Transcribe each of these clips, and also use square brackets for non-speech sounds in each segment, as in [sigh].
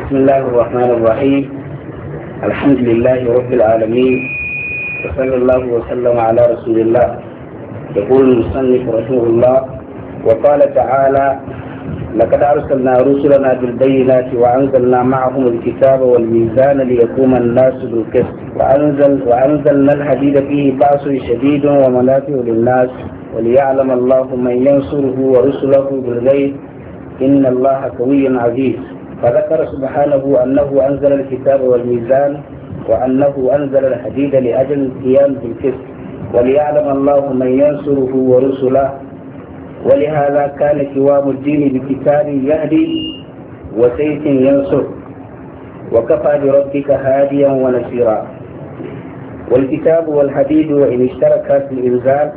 بسم الله الرحمن الرحيم الحمد لله رب العالمين وصلى الله وسلم على رسول الله يقول المصنف رسول الله وقال تعالى لقد أرسلنا رسلنا بالبينات وأنزلنا معهم الكتاب والميزان ليقوم الناس بالقسط وأنزل وأنزلنا الحديد فيه بأس شديد ومنافع للناس وليعلم الله من ينصره ورسله بالغيب إن الله قوي عزيز فذكر سبحانه أنه أنزل الكتاب والميزان وأنه أنزل الحديد لأجل القيام بالقسط وليعلم الله من ينصره ورسله ولهذا كان قوام الدين بكتاب يهدي وسيف ينصر وكفى بربك هاديا ونصيرا والكتاب والحديد وإن اشتركا في الإنزال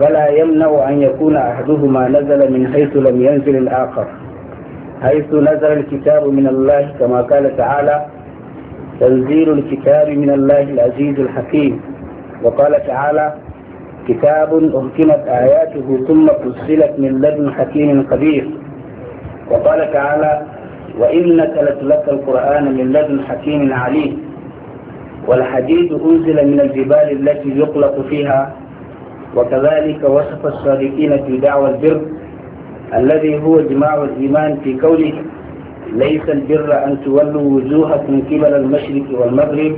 فلا يمنع أن يكون أحدهما نزل من حيث لم ينزل الآخر حيث نزل الكتاب من الله كما قال تعالى تنزيل الكتاب من الله العزيز الحكيم وقال تعالى كتاب أهكمت آياته ثم فصلت من لدن حكيم قدير وقال تعالى وإنك لتلقى القرآن من لدن حكيم عليم والحديد أنزل من الجبال التي يقلق فيها وكذلك وصف الصادقين في دعوى البر الذي هو جماع الإيمان في قوله ليس البر أن تولوا وجوهكم قبل المشرق والمغرب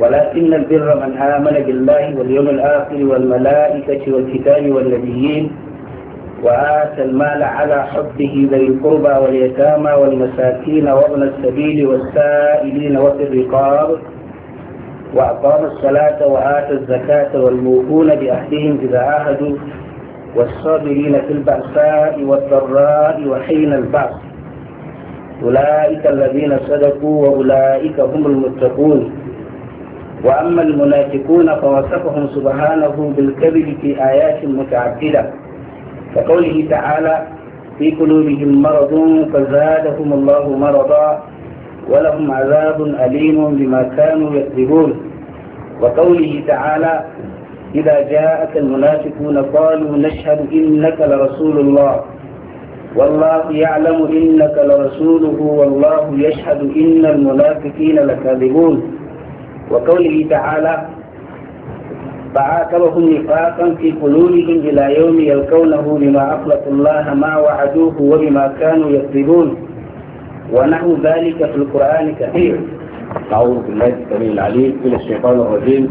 ولكن البر من آمن بالله واليوم الآخر والملائكة والكتاب والنبيين وآتى المال على حبه ذي القربى واليتامى والمساكين وابن السبيل والسائلين وفي الرقاب وأقام الصلاة وآتى الزكاة والموفون بأهلهم إذا عاهدوا والصابرين في البأساء والضراء وحين البعث أولئك الذين صدقوا وأولئك هم المتقون وأما المنافقون فوصفهم سبحانه بالكذب في آيات متعددة كقوله تعالى في قلوبهم مرض فزادهم الله مرضا ولهم عذاب أليم بما كانوا يكذبون وقوله تعالى إذا جاءك المنافقون قالوا نشهد إنك لرسول الله والله يعلم إنك لرسوله والله يشهد إن المنافقين لكاذبون وقوله تعالى فعاقبهم نفاقا في قلوبهم إلى يوم يلقونه بما أخلقوا الله ما وعدوه وبما كانوا يكذبون ونحو ذلك في القرآن كثير أعوذ بالله السميع العليم من الشيطان الرجيم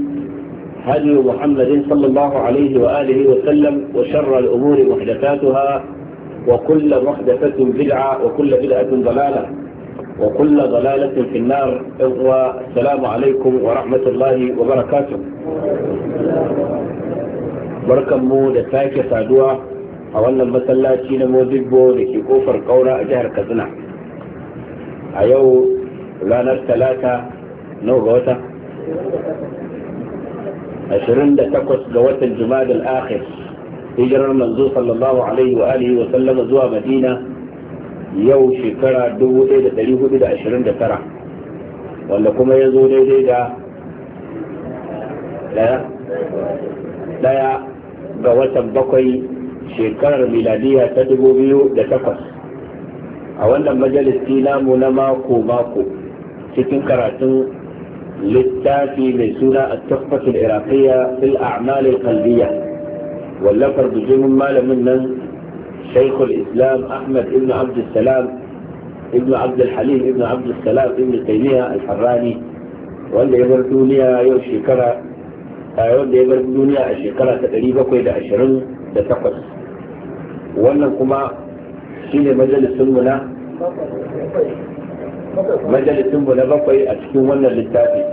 هدي محمد صلى الله عليه وآله وسلم وشر الأمور محدثاتها وكل محدثة بدعة وكل بدعة ضلالة وكل ضلالة في النار والسلام عليكم ورحمة الله وبركاته barkan مو da sake saduwa a wannan masallaci na mozibbo da ke kofar kaura a jihar katsina a yau ranar 28 ga watan Jumada al-Akhir hijirar manzo sallallahu alaihi wa alihi wa sallama zuwa Madina yau shekara 1429 wanda kuma ya zo daidai da daya ga watan bakwai shekarar miladiya ta 2008 a wannan majalisci namu na mako-mako cikin karatun للتاتي من سنة التخفة العراقية في الأعمال القلبية واللفر بجمع مال من شيخ الإسلام أحمد ابن عبد السلام ابن عبد الحليم ابن عبد السلام ابن تيمية الحراني واللي بردونيا يو شكرا آه، واللي بردونيا الشكرا تقريبا كويدا عشرين تتقص ونقوم شين مجلس سنونا مجلس سنونا بقى أتكون ونا للتاتي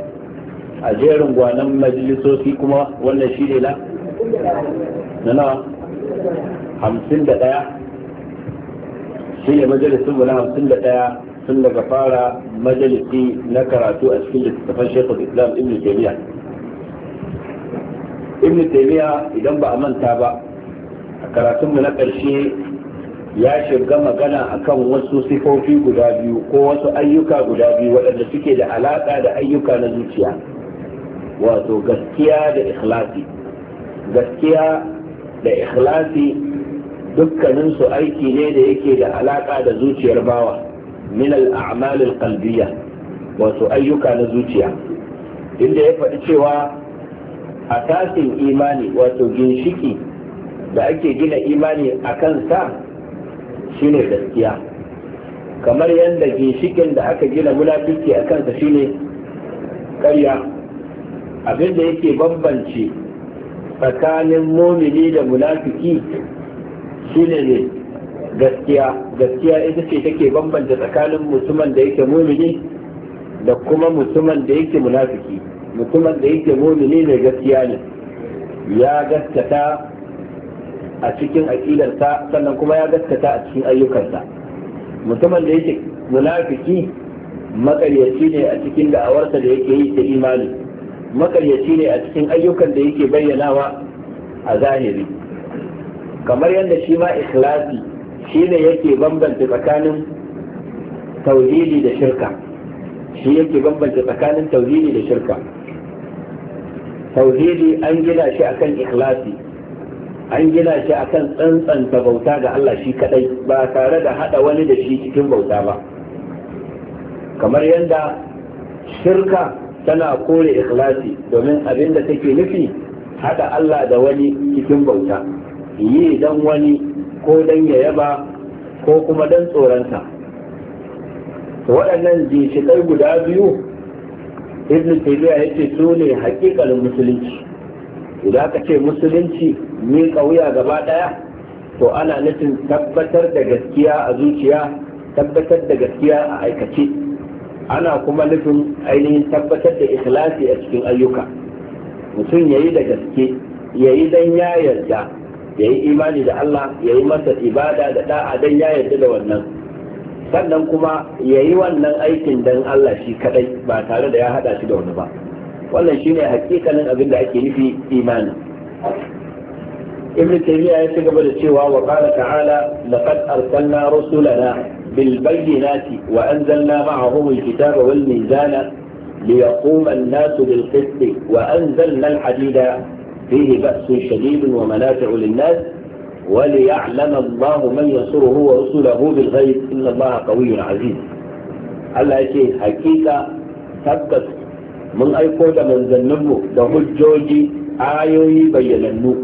a jerin gwanan majalisoci kuma wannan shi ne na na hamsin da ɗaya shi ne majalisun mu na hamsin da ɗaya tun daga fara majalisi na karatu a cikin littattafan shekul islam ibn taymiya ibn taymiya idan ba a manta ba a karatunmu na ƙarshe ya shiga magana akan wasu sifofi guda biyu ko wasu ayyuka guda biyu waɗanda suke da alaƙa da ayyuka na zuciya wato gaskiya da ikhlasi gaskiya da ikhlasi dukkaninsu aiki ne da yake da alaka da zuciyar bawa min al-a'mal al wato ayyuka na zuciya inda ya faɗi cewa asasin imani wato ginshiki da ake gina imani a kansa shine gaskiya kamar yadda ginshikin da aka gina munafiki a kansa shine ƙarya abin da yake bambance tsakanin momini da munafiki shi ne gaskiya gaskiya ita ce take bambanta tsakanin mutumin da yake momini da kuma mutumin da yake munafiki mutumin da yake momini mai gaskiya ne ya gaskata a cikin aƙilarsa sannan kuma ya gaskata a cikin ayyukansa mutumin da yake munafiki makaryaci ne a cikin da'awarsa da yake yi ta imani makaryaci ne a cikin ayyukan da yake bayyanawa a zahiri kamar yadda shi ma ikhlasi shi ne yake bambanta tsakanin tauhidi da shirka shi yake bambanta tsakanin tauhidi da shirka tauhidi an gina shi akan ikhlasi an gina shi akan tsantsanta bauta ga Allah shi kadai ba tare da hada wani da shi cikin bauta ba kamar yadda shirka tana kore ikhlasi domin abin da take nufi haɗa Allah da wani cikin bauta yi dan wani ko dan ya yaba ko kuma dan tsoronsa waɗannan ginshiƙai guda biyu ibn taymiya yace su ne hakikalin musulunci idan ka ce musulunci ne kauya gaba ɗaya to ana nufin tabbatar da gaskiya a zuciya tabbatar da gaskiya a aikace ana kuma nufin ainihin tabbatar da ikhlasi a cikin ayyuka mutum ya yi da gaske ya yi don ya yarda ya yi imani da Allah ya yi masa ibada da da'a don ya yarda da wannan sannan kuma ya yi wannan aikin don Allah shi kadai ba tare da ya hada shi da wani ba wannan shi ne hakikanin abin da ake nufi imani ibn taymiya ya ci gaba da cewa wa qala ta'ala laqad arsalna rusulana بالبينات وأنزلنا معهم الكتاب والميزان ليقوم الناس بالقسط وأنزلنا الحديد فيه بأس شديد ومنافع للناس وليعلم الله من ينصره ورسله بالغيب إن الله قوي عزيز Allah ce hakika tabbas mun aiko da manzanninmu da hujjoji ayoyi bayyanannu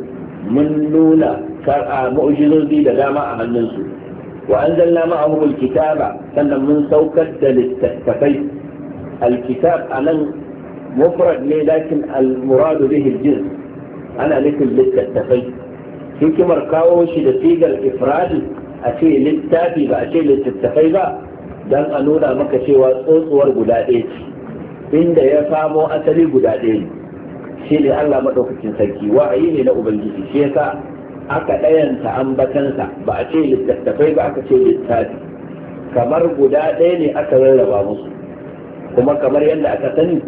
mun nuna kar'a mu'jizozi da dama a hannunsu وأنزلنا معهم الكتاب سنة من سوكت للتكفي الكتاب أنا مفرد لي لكن المراد به الجنس أنا لكن للتكفي في كمر كاوش نتيجة الإفراد أشي للتابي بأشي للتكفي بقى dan a nuna maka cewa tsotsuwar guda ɗaya ce inda ya samo asali guda ɗaya ne shi ne Allah maɗaukakin sarki wa'ayi ne na Ubangiji shi yasa aka ɗayanta ambatansa ba a ce littattafai ba aka ce littafi kamar guda ɗaya ne aka rarraba musu kuma kamar yadda aka sani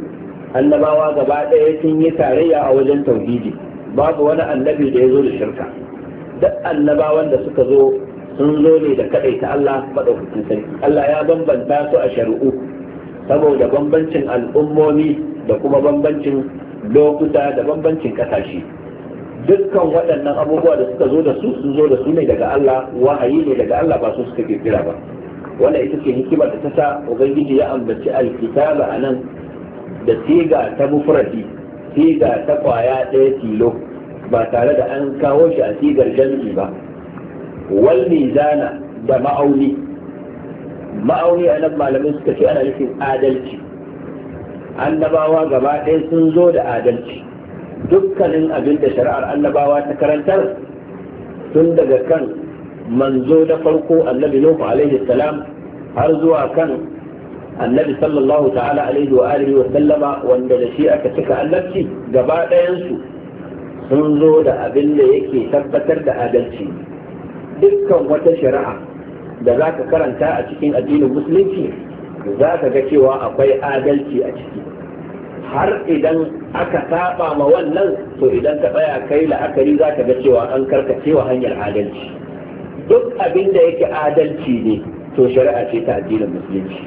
annabawa gaba ɗaya sun yi tarayya a wajen tauhidi babu wani annabi da ya zo da shirka duk annabawan da suka zo sun zo ne da kaɗaita Allah maɗaukakin sai Allah ya bambanta su a shari'u saboda bambancin al'ummomi da kuma bambancin lokuta da bambancin ƙasashe. dukkan waɗannan abubuwa da suka zo da su sun zo da su ne daga Allah wahayi ne daga Allah ba su suka kirkira ba wannan ita ce hikima da ta sa ubangiji ya ambaci alkitaba a nan da siga ta mufradi siga ta kwaya ɗaya tilo ba tare da an kawo shi a sigar jami'i ba wal mizana da ma'auni ma'auni a nan malamai suka ce ana nufin adalci annabawa gaba ɗaya sun zo da adalci dukkanin abin da shari'ar annabawa ta karantar tun daga kan manzo da farko annabi nuhu alaihi salam har zuwa kan annabi sallallahu ta'ala alaihi wa alihi wa sallama wanda da shi aka cika annabci gaba ɗayansu sun zo da abin da yake tabbatar da adalci dukkan wata shari'a da za ka karanta a cikin addinin musulunci za ka ga cewa akwai adalci a ciki har idan aka saba ma wannan to idan ka tsaya kai la'akari za ka ga cewa an karkacewa hanyar adalci duk abin da yake adalci ne to shari'a ce ta addinin musulunci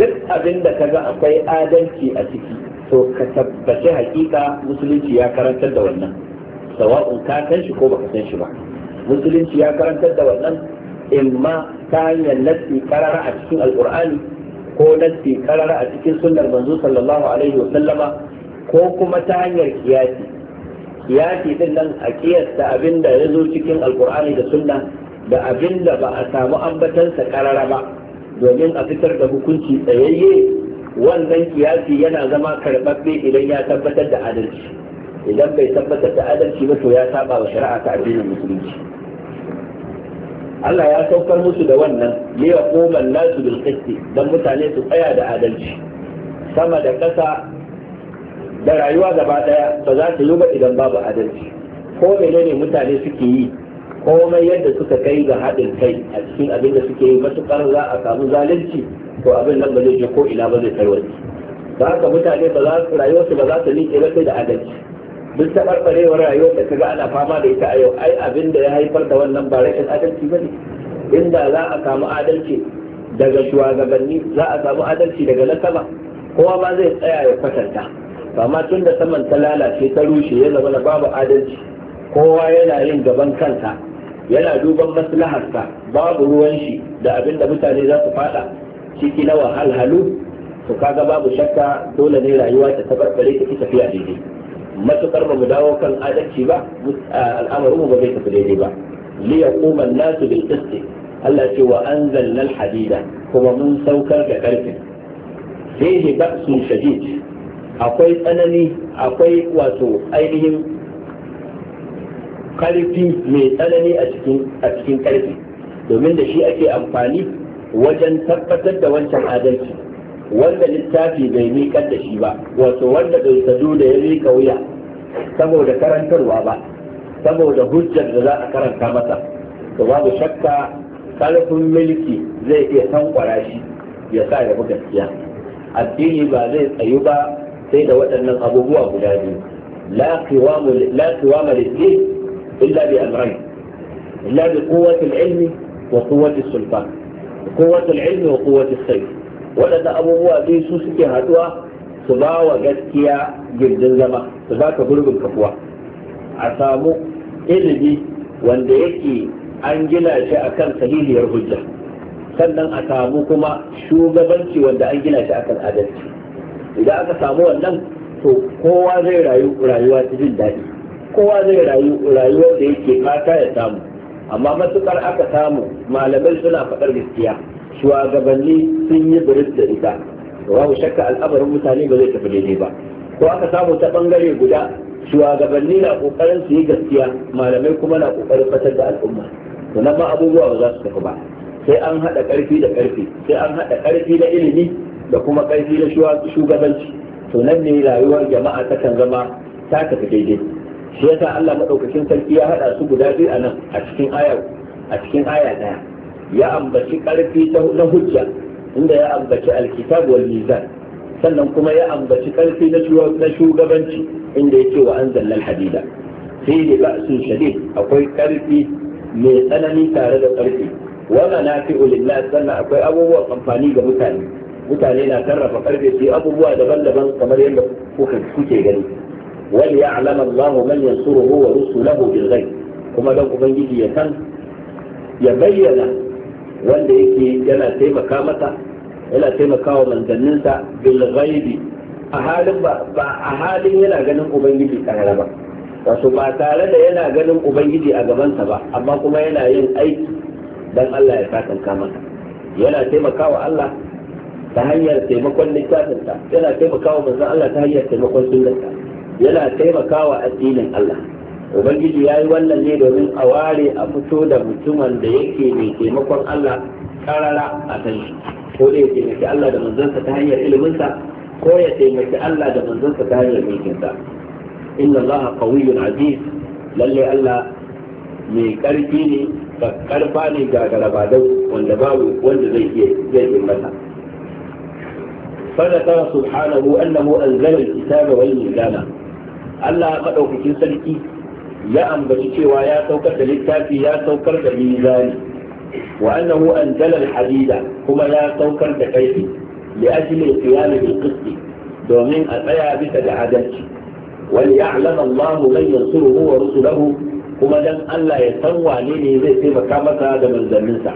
duk abin da ka ga akwai adalci a ciki to ka tabbaci hakika musulunci ya karantar da wannan sawa'un ka san shi ko baka san shi ba musulunci ya karantar da wannan imma ta hanyar nassi karara a cikin alkur'ani ko datti karara a cikin sunnar manzo sallallahu alaihi wa sallama ko kuma ta hanyar kiyasi kiyasi din nan a kiyasta abin da ya zo cikin alkur'ani da sunna da abin da ba a samu ambatansa karara ba domin a fitar da hukunci tsayayye wannan kiyasi yana zama karɓaɓɓe idan ya tabbatar da adalci idan bai tabbatar da adalci ba to ya saba wa shari'a ta addinin musulunci Allah ya saukar musu da wannan ne ya koma nasu bil don dan mutane su tsaya da adalci sama da kasa da rayuwa gaba daya ba za ta yi ba idan babu adalci ko menene mutane suke yi komai yadda suka kai ga haɗin kai a cikin abin da suke yi matuƙar za a samu zalunci to abin nan ba zai je ko ina ba zai tarwaci ba haka mutane ba za su rayuwarsu ba za su liƙe ba sai da adalci duk taɓarɓarewar rayuwar da kaga ana fama da ita a yau ai abin da ya haifar da wannan ba rashin adalci ba ne inda za a samu adalci daga shugabanni za a samu adalci daga nasaba kowa ma zai tsaya ya kwatanta amma tun da saman ta lalace ta rushe ya zama babu adalci kowa yana yin gaban kansa yana duban maslaharsa babu ruwan shi da abin da mutane za su fada ciki na wahalhalu to kaga babu shakka dole ne rayuwa ta tabarbare ta tafiya daidai matukar ba mu dawo kan adalci ba al'amarin mu ba zai tafi daidai ba li yaquma an-nasu bil qist Allah ce wa anzalna al-hadida kuma mun saukar da karfi fihi ba'sun shadid akwai tsanani akwai wato ainihin karfi mai tsanani a cikin a cikin karfi domin da shi ake amfani wajen tabbatar da wancan adalci wanda littafi bai miƙar da shi ba wato wanda bai sadu da ya miƙa wuya saboda karantarwa ba saboda hujjar da za a karanta masa to babu shakka karfin mulki zai iya tankwara shi ya sa ya buga gaskiya addini ba zai tsayu ba sai da waɗannan abubuwa guda biyu la qiwama lid illa bi amrayn illa bi quwwati al-ilmi wa quwwati as-sultan quwwati al-ilmi wa quwwati as-sayf waɗannan abubuwa biyu su suke haɗuwa su ba wa gaskiya girgin zama su ba ka gurbin kafuwa a samu ilimi wanda yake an gina shi akan sahihiyar hujja sannan a samu kuma shugabanci wanda an gina shi akan adalci idan aka samu wannan to kowa zai rayu rayuwa ta daɗi kowa zai rayu rayuwa da yake fata ya samu amma matukar aka samu malamai suna faɗar gaskiya shugabanni sun yi birit da ita babu shakka al'amarin mutane ba zai tafi daidai ba ko aka samu ta bangare guda shugabanni na kokarin su yi gaskiya malamai kuma na kokarin fatar da al'umma to nan ma abubuwa ba za su tafi ba sai an hada karfi da karfi sai an hada karfi da ilimi da kuma karfi da shugabanci to nan ne rayuwar jama'a takan zama ta tafi daidai shi yasa Allah madaukakin sarki ya hada su guda biyu a nan a cikin aya a cikin aya ya ambaci karfi na hujja inda ya ambaci alkitab wal mizan sannan kuma ya ambaci karfi na shugabanci inda yake wa anzalna alhadida sai da ba'sun shadid akwai karfi mai tsanani tare da wannan na fi lillah sannan akwai abubuwa amfani ga mutane mutane na sarrafa karfe su abubuwa daban-daban kamar yadda kuke gani wal ya'lam Allahu man yansuruhu wa na bil ghaib kuma dan ubangiji ya san ya bayyana wanda yake yana taimaka mata yana taimaka wa manzanninsa bil ghaibi a halin ba a halin yana ganin ubangiji karara ba wato ba tare da yana ganin ubangiji a gabansa ba amma kuma yana yin aiki dan Allah ya sakanka mata. yana taimaka wa Allah ta hanyar taimakon littafinsa yana taimaka wa manzon Allah ta hanyar taimakon sunnarsa yana taimaka wa addinin Allah ubangiji ya yi wannan ne domin a ware a fito da mutumin da yake mai taimakon allah karara a san shi ko da ya taimaki allah da manzansa ta hanyar iliminsa ko ya taimaki allah da manzansa ta hanyar mulkinsa inna allaha qawiyyun aziz lalle allah mai karfi ne ga karfa ne ga garabadau wanda babu wanda zai iya zai yi masa فذكر سبحانه أنه أنزل الكتاب والميزان ألا قد أوكي سلكي ya ambaci cewa ya saukar da littafi ya saukar da mizani wa annahu anzala al-hadida kuma ya saukar da kaifi li ajli qiyam bil domin a tsaya bisa da adalci wal ya'lam Allah man yansuruhu wa rusuluhu kuma dan Allah ya san wane ne zai taimaka masa da manzanninsa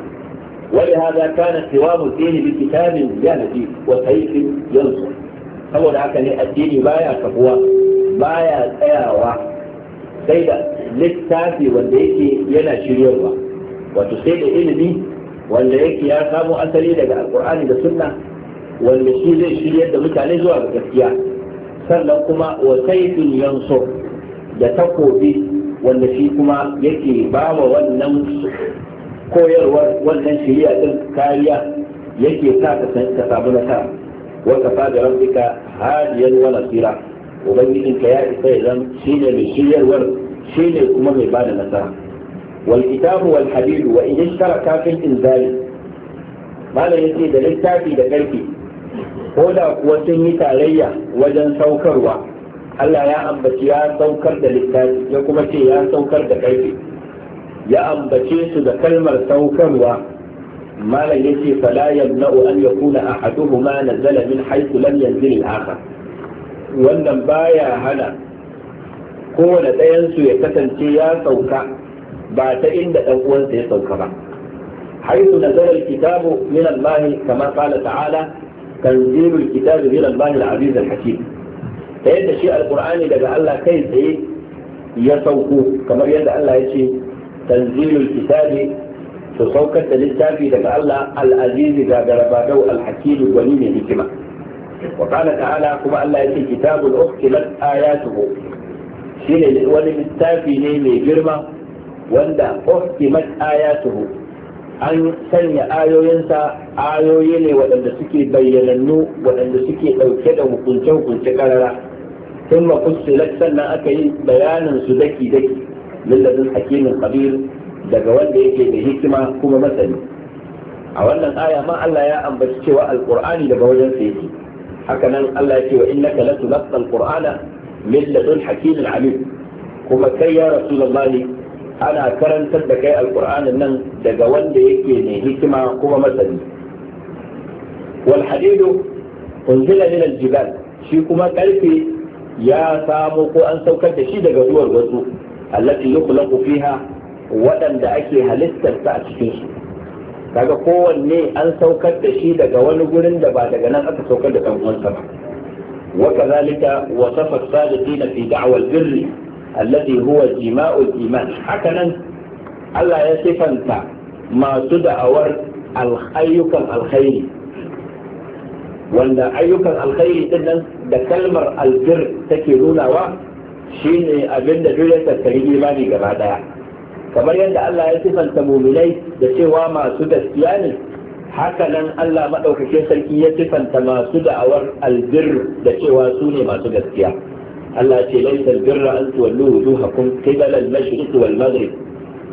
ولهذا كان قوام الدين بكتاب يهدي وسيف ينصر saboda haka ne addini baya kafuwa baya tsayawa sai da littafi wanda yake yana shiryarwa wato sai da ilimi wanda yake ya samo asali daga alkur'ani da sunna wanda shi zai shiryar da mutane zuwa ga gaskiya sannan kuma wa saifin yanso da takobi wanda shi kuma yake ba wa wannan koyarwar wannan shirya din kariya yake sa ka samu nasara wa kafa da rabbika hadiyan wa nasira ubangijin ya isa ya zan ne mai shiryarwar ne kuma mai bada nasara wal kitabu wal hadidu wa in ishtaraka fil inzali malam yace da littafi da karfi ko da kuwa sun yi tarayya wajen saukarwa Allah ya ambaci ya saukar da littafi ya kuma ce ya saukar da karfi ya ambace su da kalmar saukarwa malam yace fala yamna'u an yakuna ahaduhuma nazala min haythu lam yanzil al-akhar wannan baya hana kowane ɗayansu ya kasance ya sauka ba ta inda ɗan uwansa ya sauka ba haithu nazara alkitabu min allah kama qala ta'ala tanzilu alkitabi min allah alaziz alhakim ta yadda shi alqur'ani daga Allah kai tsaye ya sauko kamar yadda Allah ya ce tanzilu kitabi su saukar da littafi daga Allah alaziz gagarabadau alhakim wani ne hikima wa qala kuma Allah ya ce kitabul ukhtilat ayatuhu shine wani littafi ne mai girma wanda uhkimat ayatuhu an sanya ayoyinsa ayoyi ne waɗanda suke bayyanannu waɗanda suke ɗauke da hukunce-hukunce ƙarara sun mafussilat sannan aka yi bayanin su daki-daki lillazin hakimin kabir daga wanda yake mai hikima kuma masani a wannan aya ma Allah ya ambaci cewa alkur'ani daga wajen sa yake haka nan Allah ya ce wa innaka latulqa alqur'ana min ladun hakimin alim kuma kai ya rasulullahi ana karantar da kai alqur'anin nan daga wanda yake ne hikima kuma masani wal hadidu unzila min aljibal shi kuma karfe ya samo ko an saukar da shi daga duwar wasu allati yukhlaqu fiha waɗanda ake halittarsa a cikin su kaga kowanne an saukar da shi daga wani gurin da ba daga nan aka saukar da kanuwansa ba wakazalika wasafa sadiqina fi da'wal birr allazi huwa jima'ul iman haka Allah ya sifanta masu da'awar ayyukan alkhairi wanda ayyukan alkhairi din nan da kalmar albir take nunawa shine abinda da duk ya tsakari imani gaba ɗaya. kamar yadda Allah ya sifanta muminai da cewa masu gaskiya ne haka nan Allah maɗaukakin sarki ya sifanta masu da'awar albir da cewa su ne masu gaskiya Allah ce laisa albirra an tuwallu wujuhakum qibala al-mashriq wal maghrib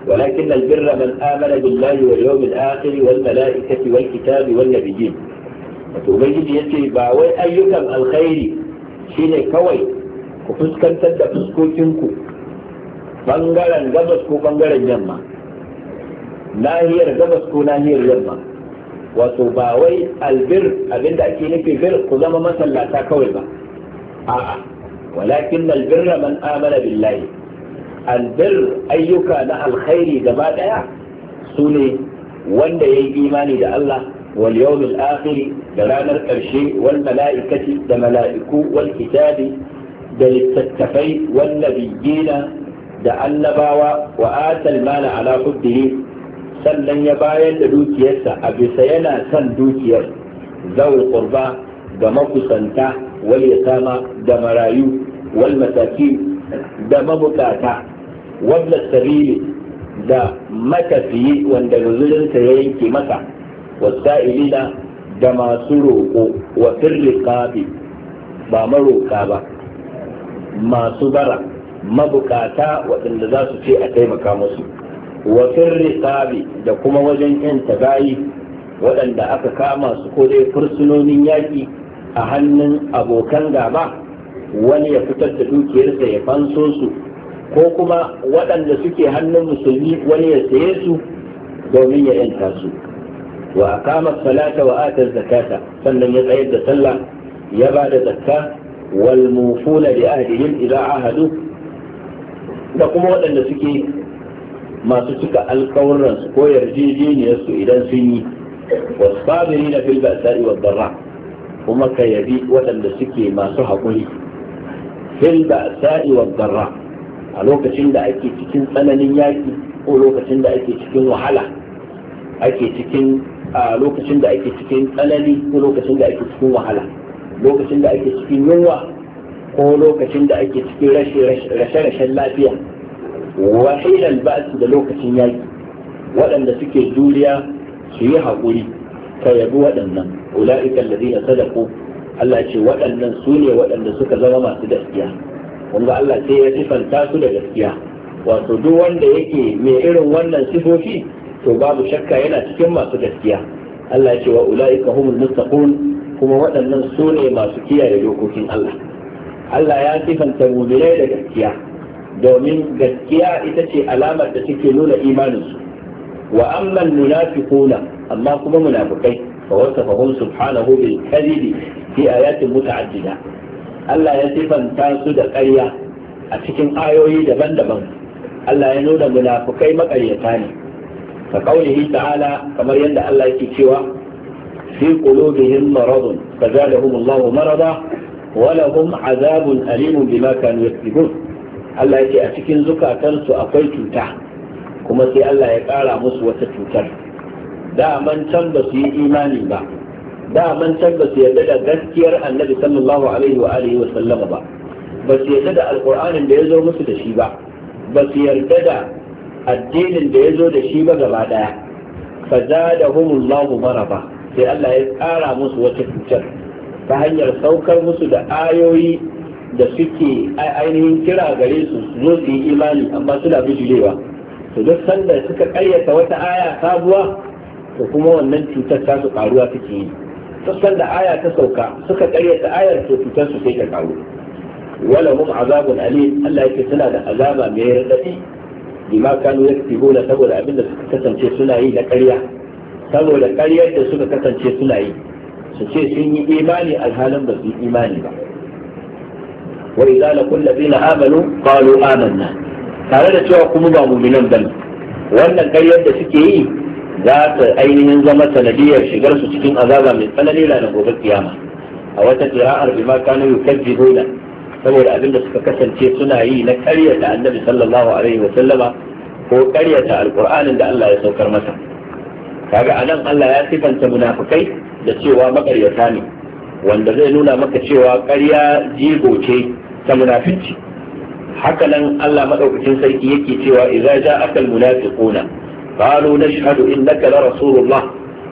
ولكن البر من آمن بالله واليوم الآخر والملائكة والكتاب والنبيين وتبين يتي باوي أيكم الخير شيني كوي ku fuskantar da fuskokinku bangaren gabas ko bangaren yamma nahiyar gabas ko nahiyar yamma wato ba wai albir abinda ake nufi bir ku zama masallata kawai ba a'a walakin albirra man amana billahi albir ayyuka na alkhairi gaba daya su ne wanda ya yi imani da Allah wal yawmil akhir da ranar karshe wal mala'ikati da mala'iku wal kitabi da littattafai wal nabiyina da annabawa wa atal mala ala hubbihi sannan ya bayar da dukiyarsa a bisa yana son dukiyar zawul qurba ga makusanta wal yatama da marayu wal masakin da mabukata wanda sabili da matafiyi wanda guzurinsa ya yanke masa wasa'ilina da masu roƙo wa firriqabi ba maroƙa ba masu bara mabukata waɗanda za su ce a taimaka musu wa riqabi da kuma wajen yan tagayi waɗanda aka kama su ko dai fursunonin yaƙi a hannun abokan gaba wani ya fitar da dukiyarsa ya fanso su ko kuma waɗanda suke hannun musulmi wani ya saye su domin ya yanta su wa kama salata wa atar zakata sannan ya tsayar da sallah ya ba da zakka wal mufuna bi ahdihim a ahadu da kuma waɗanda suke masu cika alkawuransu ko yarjejeniyarsu idan sun yi wasu babiri na fil ba'sa'i wa darra kuma ka yabi waɗanda suke masu haƙuri fil ba'sa'i wa darra a lokacin da ake cikin tsananin yaƙi ko lokacin da ake cikin wahala ake cikin a lokacin da ake cikin tsanani ko lokacin da ake cikin wahala lokacin da ake cikin yunwa ko lokacin da ake cikin rashe-rashen lafiya wa ba ba'su da lokacin yaki waɗanda suke juriya su yi haƙuri ka yabi waɗannan ula'ika alladhina sadaqu Allah ce waɗannan su ne waɗanda suka zama masu gaskiya Kuma ga Allah sai ya sifanta su da gaskiya wato duk wanda yake mai irin wannan sifofi to babu shakka yana cikin masu gaskiya Allah ce wa ula'ika humul muttaqun kuma waɗannan su ne masu kiyaye dokokin Allah Allah ya sifanta mu'minai da gaskiya domin gaskiya ita ce alamar da take nuna imaninsu wa amman munafiquna amma kuma munafikai fa wasafahum subhanahu bil kadhibi fi ayatin muta'addida Allah ya sifanta su da ƙarya a cikin ayoyi daban-daban Allah ya nuna munafikai maƙaryata ne ka kaulihi ta'ala kamar yadda Allah yake cewa fi qulubihim maradun da Allahu marada ولهم عذاب أليم بما كانوا يكذبون الله يجي أتكين زكا تنسو أقوي توتا كما سي الله يقال مسوى تتوتر دا من تنبسي إيماني با دا من تنبسي يدد غسكير النبي صلى الله عليه وآله وسلم با بس يدد القرآن اللي يزو مسل شيبا بس يدد الدين اللي يزو شيبا قبادا فزادهم الله مرضا sai Allah ya ƙara musu wata cutar ta hanyar saukar musu da ayoyi da suke ainihin kira gare su zo su yi imani amma suna bijirewa to duk sanda suka karyata wata aya sabuwa to kuma wannan cutar ta su ƙaruwa suke yi duk sanda aya ta sauka suka karyata ayar to cutar su sai ta ƙaru wala hum azabun alim Allah yake suna da azaba mai radadi bima kanu yaktubuna saboda abinda suka kasance suna yi na ƙarya saboda ƙaryar da suka kasance suna yi su ce sun yi imani alhalin ba su yi imani ba wa idza laqul ladina amanu qalu amanna tare da cewa kuma ba mu'minan bane wannan karyar da suke yi za ta ainihin zama sanadiyar shigar su cikin azaba mai tsanani da gobe kiyama a wata qira'ar bima kanu yukazzibuna saboda abin da suka kasance suna yi na karyata annabi sallallahu alaihi wa sallama ko karyata alqur'anin da Allah ya saukar masa kaga anan Allah ya sifanta munafikai da cewa makaryata ne wanda zai nuna maka cewa ƙarya jigo ce ta munafici haka nan Allah madaukakin sarki yake cewa idza ja'aka almunafiquna qalu nashhadu innaka la rasulullah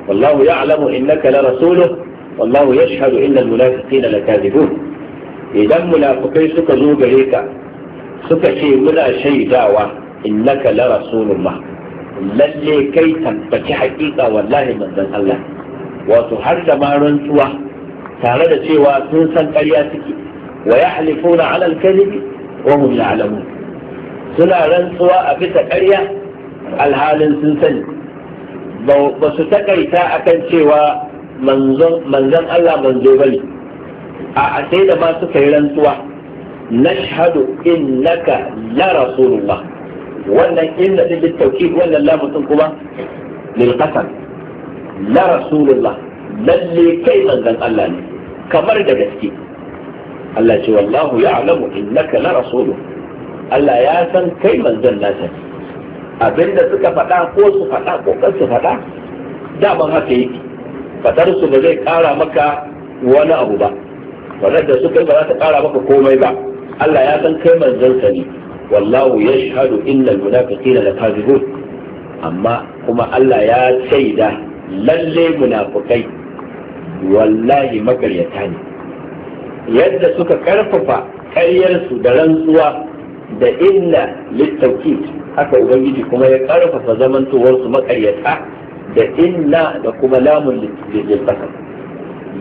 wallahu ya'lamu innaka la rasuluhu wallahu yashhadu innal munafiqina lakadibun idan munafikai suka zo gare ka suka ce muna shaidawa innaka la rasulullah lalle kai tabbaci haƙiƙa wallahi manzon Allah wato har da ma rantsuwa tare da cewa sun san ƙarya suke wa yahlifuna ala al-kadhibi wa hum ya'lamun suna rantsuwa a bisa ƙarya alhalin sun sani ba su takaita akan cewa manzon Allah manzo bane a sai da ma suka yi rantsuwa nashhadu innaka la rasulullah wannan inna din tawkid wannan lamun kuma lil qasam Na rasulullah lalle kai manzon Allah ne kamar da gaske Allah ce wallahu ya'lamu innaka la rasuluhu Allah ya san kai manzon nasa abinda suka faɗa ko su faɗa ko kan su faɗa daman haka yake fatar su ba zai ƙara maka wani abu ba fatar da suka yi ba za ta ƙara maka komai ba Allah ya san kai manzon sa ne wallahu yashhadu innal munafiqina lakazibun amma kuma Allah ya shaida lalle munafukai wallahi makaryata ne yadda suka karfafa ƙaryarsu da rantsuwa da illa littauki haka ubangiji kuma ya karfafa zamantowarsu makaryata da illa da kuma lamun littauki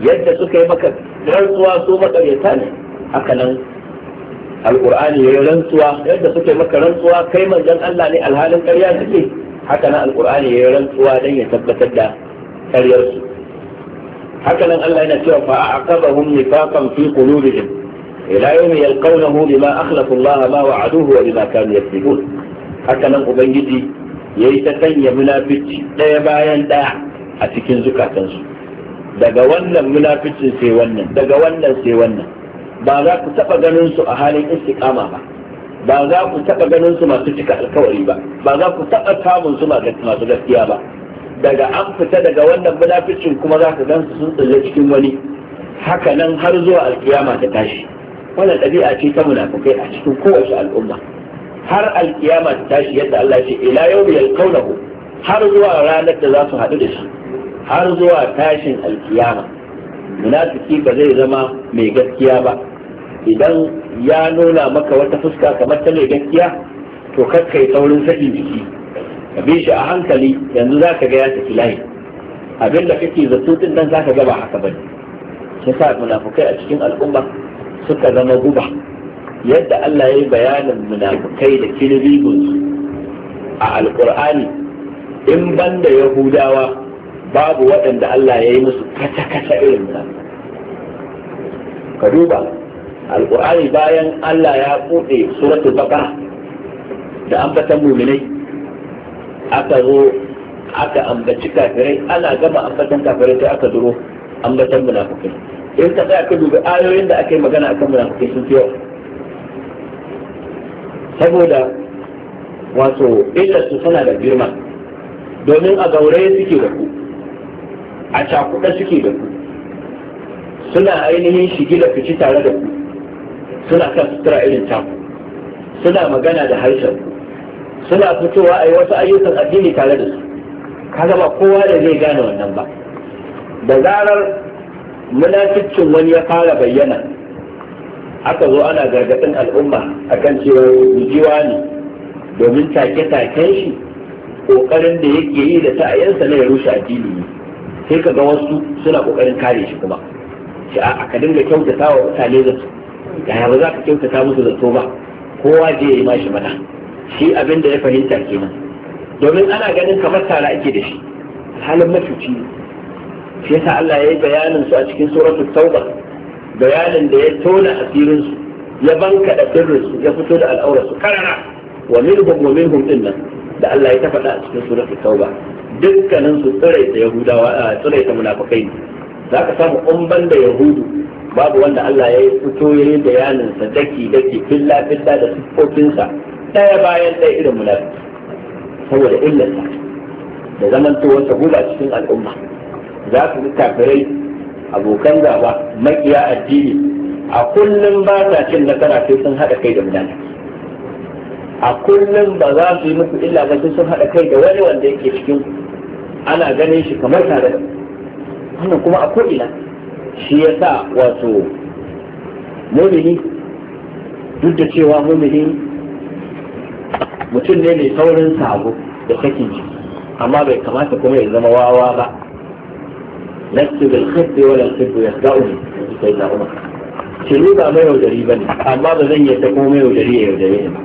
yadda suka yi maka rantsuwa su makaryata ne haka nan alƙur'ani ya rantsuwa yadda suka yi maka rantsuwa kai manzon Allah ne alhalin ƙarya suke haka nan alqur'ani ya rantsuwa dan ya tabbatar da karyar su haka nan Allah yana cewa fa aqabahum nifaqan fi qulubihim ila yawmi yalqawnahu bima akhlafu Allah ma wa'aduhu wa bima kanu yaktubun haka nan ubangiji yayi ta sanya munafici daya bayan daya a cikin zukatansu daga wannan munaficin sai wannan daga wannan sai wannan ba za ku taɓa ganin su a halin istiqama ba ba za ku taɓa ganin su masu cika alkawari ba ba za ku taɓa samun su masu gaskiya ba daga an fita daga wannan munaficin kuma za ka gansu sun tsille cikin wani haka nan har zuwa alkiyama ta tashi wannan ɗabi'a ce ta munafikai a cikin kowace al'umma har alkiyama ta tashi yadda Allah ce ila yau yalqawnahu har zuwa ranar da za su haɗu da shi har zuwa tashin alkiyama munafiki ba zai zama mai gaskiya ba idan ya nuna maka wata fuska kamar ta mai gaskiya to kakka yi saurin sakin jiki ka bi shi a hankali yanzu za ka ga ya saki layi abin da kake zato din nan za ka ga ba haka bane sa munafukai a cikin al'umma suka zama guba yadda Allah ya yi bayanin munafukai da kilibibinsu a alkur'ani in banda yahudawa babu waɗanda Allah ya yi musu kata-kata irin nan ka duba alqur'ani bayan Allah ya bude suratu baqara da ambatan mu'minai aka zo aka ambaci kafirai ana gama ambatan kafirai sai aka duro ambatan munafikai in ka tsaya ka dubi ayoyin da aka yi magana akan munafikai sun fi saboda wato illarsu suna da girma domin a gauraye suke da ku a cakuɗa suke da ku suna ainihin shigi da fici tare da ku suna kan sutura irin ta suna magana da harshen suna fitowa a yi wasu ayyukan addini tare da su kaga ba kowa da zai gane wannan ba da zarar munaficcin wani ya fara bayyana aka zo ana gargaɗin al'umma akan cewa gujiwa ne domin take-taken shi ƙoƙarin da yake yi da ta'ayensa na ya rushe addini ne sai ka ga wasu suna ƙoƙarin kare shi kuma shi a dinga kyautata wa mutane da su yaya ba za ka kyautata musu zato ba kowa je ya yi mashi mana shi abin da ya fahimta kenan domin ana ganin kamar tara ake da shi halin mafuci ne shi yasa Allah ya yi bayanin su a cikin suratul tauba bayanin da ya tona asirin su ya banka da sirrin su ya fito da al'aurar su karara wa minhum wa minhum dinnan da Allah ya ta faɗa a cikin suratul tauba dukkanin su tsiraita yahudawa tsiraita munafikai ne zaka samu umban da yahudu babu wanda Allah ya yi fito ya yi bayaninsa daki daki filla filla da siffofinsa ɗaya bayan ɗaya irin munafiki saboda illarsa da zamantowarsa guba cikin al'umma za su kafirai abokan gaba makiya addini a kullum ba sa cin nasara sai sun haɗa kai da munafiki a kullum ba za su yi muku illa ba sai sun haɗa kai da wani wanda yake cikin ana ganin shi kamar tare da wannan kuma a ko'ina shi ya sa wato mumini duk da cewa mumini mutum ne mai saurin sabo da sakin jiki amma bai kamata kuma ya zama wawa ba nasu bil khibbi wal khibbi yasda'u sai na umar shi ne ba mai yaudari ba ne amma ba zan yadda kuma mai yaudari ya yaudare ne ba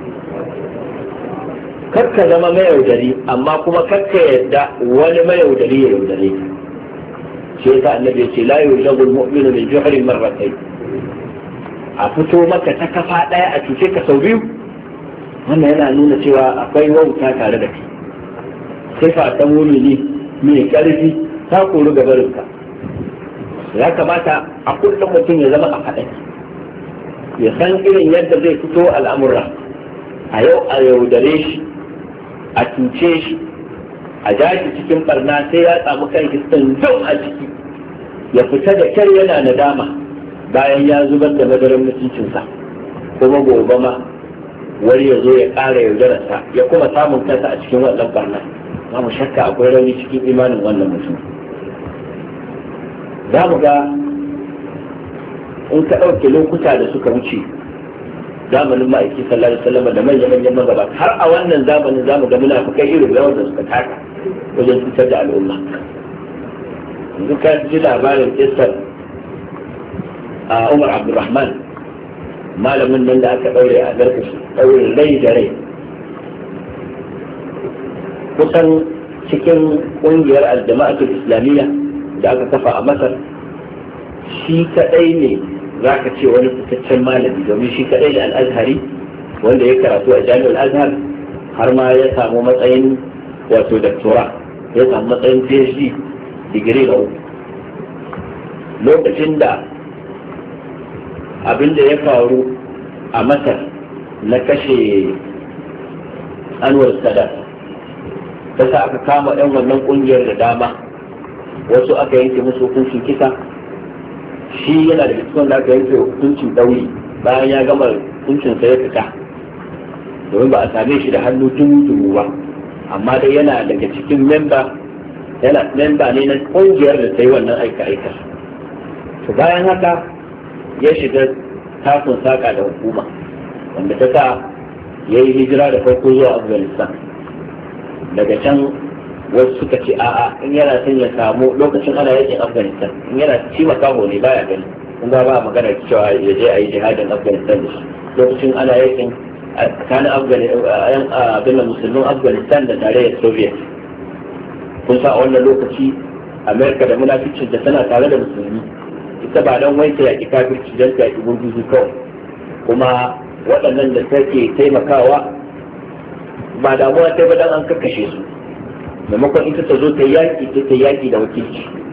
kar ka zama mai yaudari amma kuma kar ka yadda wani mai yaudari ya yaudare ne shi yasa annabi ya ce la yuzagu almu'minu min juhri marratayn a fito maka ta kafa daya a cuce ka sau biyu wannan yana nuna cewa akwai wauta tare da kai sai fa san mumini mai karfi ta koru ka. ya kamata a kullum mutum ya zama a faɗa. ya san irin yadda zai fito al'amura a yau a yaudare shi a cuce shi a jaji cikin barna sai ya samu kan iskan zau a ciki ya fita da kyar yana nadama bayan ya zubar da madarar mutuncinsa kuma gobe ma wani ya zo ya ƙara yaudararsa ya kuma samun kansa a cikin wannan barna Za mu shakka akwai rauni cikin imanin wannan mutum za mu ga in ka ɗauke lokuta da suka wuce zamanin ma'aiki sallallahu alaihi da manyan manyan magaba, har a wannan zamanin za mu ga munafikai irin rawar da suka taka wajen cutar da al'umma yanzu ka ji labarin kisar a umar abdulrahman malamin nan da aka daure a garkashi daure rai da rai kusan cikin kungiyar aljama'atul islamiyya da aka kafa a masar shi kadai ne za ka ce wani fitaccen malami domin shi kadai da al'azhari wanda ya karatu a jami'ar azhar har ma ya samu matsayin wato doctora ya samu matsayin phd digiri na uku lokacin da abin da ya faru a masar na kashe anwar sadar ta sa aka kama 'yan wannan kungiyar da dama wasu aka yanke musu hukuncin kisa shi yana da cikin da aka yanke hukuncin dauri bayan ya gama hukuncin sa ya fita domin ba a same shi da hannu dubu dubu ba amma dai yana daga cikin memba yana memba ne na kungiyar da ta yi wannan aika aikar to bayan haka ya shiga takun saka da hukuma wanda ta sa ya yi hijira da farko zuwa afghanistan daga can wasu suka ce a'a in yana son ya samu lokacin ana yakin afghanistan in yana ci kaho ne baya gani in ba ba magana cewa ya je a yi jihadin afghanistan da shi lokacin ana yakin a tsakanin abin musulmin afghanistan da tarayyar soviet kun sa a wannan lokaci amerika da munaficin da tana tare da musulmi ita ba don wai ta yaƙi kafirci don ta yaƙi gurguzu kawai kuma waɗannan da take taimakawa ba damuwa ta ba don an kakkashe su maimakon ita ta zo ta yaƙi ta yaƙi da wakilci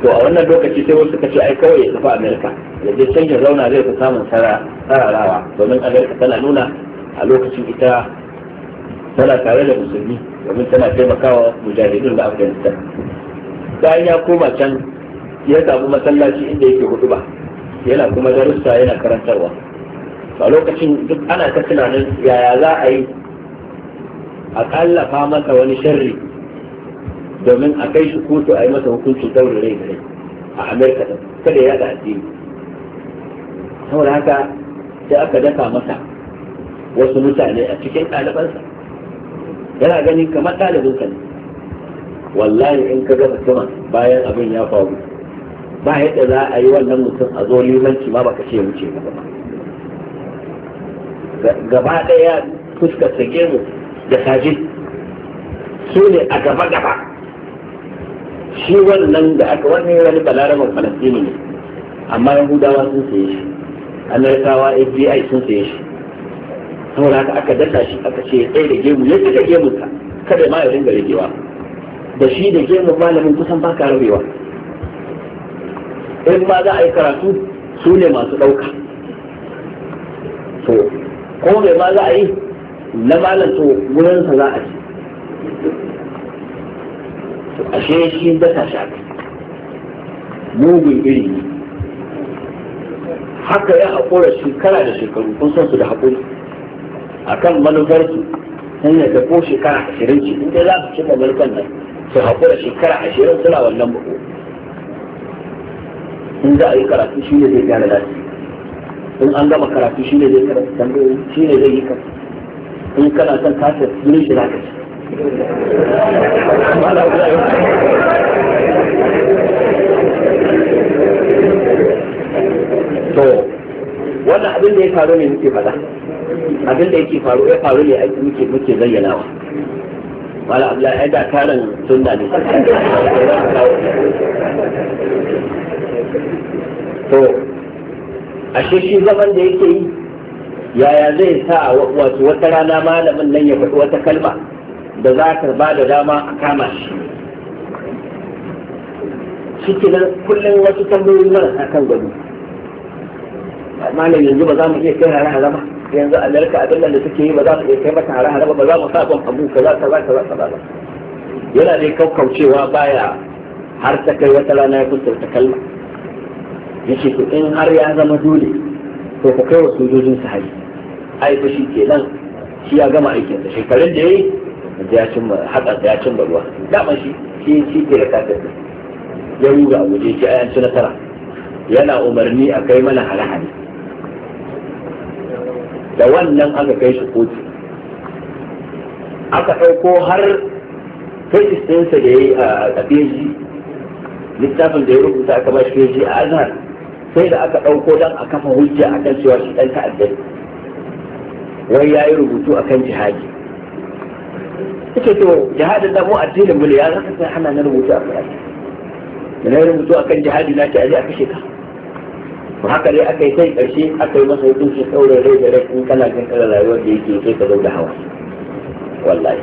to a wannan lokaci sai wasu kace ai kawai ya tafi amerika ya je can ya zauna zai fi samun sararawa domin amerika tana nuna a lokacin ita tana tare da musulmi domin tana taimakawa mujahidin da afghanistan bayan ya koma can ya samu masallaci inda yake hudu ba yana kuma darussa yana karantarwa a lokacin duk ana ta tunanin yaya za a yi a kallafa masa wani sharri domin a kai shi kotu a yi masa hukunci daure rai a amerika da kada ya da addini saboda haka sai aka daka masa wasu mutane a cikin ɗalibansa yana ganin kamar ɗalibinsa ne wallahi in ka gaba mutumin bayan abin ya faru ba yadda za a yi wannan mutum a zo limanci ma baka ce wuce ba gaba ɗaya fuskar ta gemu da sajin su ne a gaba gaba shi wannan da aka wani wani balaraban falastini ne amma yahudawa sun saye shi amerikawa fbi sun saye shi saboda haka aka dasa shi aka ce tsaye da gemu ya cika gemunsa?" kada ma ya dinga ragewa da shi da gemun malamin kusan ba ka rabewa in ma za a yi karatu su ne masu ɗauka to ko mai ma za a yi na malam to gurinsa za a ci to ashe shi daka shafi mugun iri ne haka ya haƙura shekara da shekaru kun san su da haƙuri kan manufarsu sun ya tafo shekara ashirin ce inda za su cika mulkan nan su haƙura shekara ashirin suna wannan bako in za a yi karatu shi ne zai gyara lafiya in an gama karatu shi ne zai karatu tambayoyi shi ne zai yi karatu in kana son kasa wurin shi za ka ci to wannan abin da ya faru ne muke faɗa abin da yake faru ya faru ne aiki muke muke zayyanawa wala abla ai da karan sunna ne to ashe shi zaman da yake yi yaya zai sa wato wata rana malamin nan ya faɗi wata kalma da za ta ba da dama a kama shi shi ke kullum wasu tambayoyi marasa kan gado malam yanzu ba za mu iya kai hare-hare ba yanzu amerika abin da suke yi ba za mu iya kai mata hare-hare ba ba za mu sa ban abu ka za ka za ka za ka ba yana dai kaukaucewa baya har ta kai wata rana ya ta kalma yace to in har ya zama dole to ku kai wa sojojin su hari ai fa shi kenan shi ya gama aikinsa shekarun da ya yi ya cimma haƙa ruwa shi shi shi da kafin ya ruga a guje shi na tara. yana umarni a kai mana halahari. da wannan aka kai shi kotu aka ɗauko har kai da ya yi a feji littafin da ya rubuta a kamar shi a azhar sai da aka ɗauko dan a kafa hujja kan cewa shi ɗan ta'addar wai ya yi rubutu a kan jihadi suke to jihadi da mu addinin mu ne ya zaka sai hana na rubutu a kai da na rubutu akan jihadi na ce aje a kashe ka to haka dai aka yi sai karshe aka yi masa hukunci saurayi rai da rai in kana jin kana rayuwar da yake sai ka zauna hawa wallahi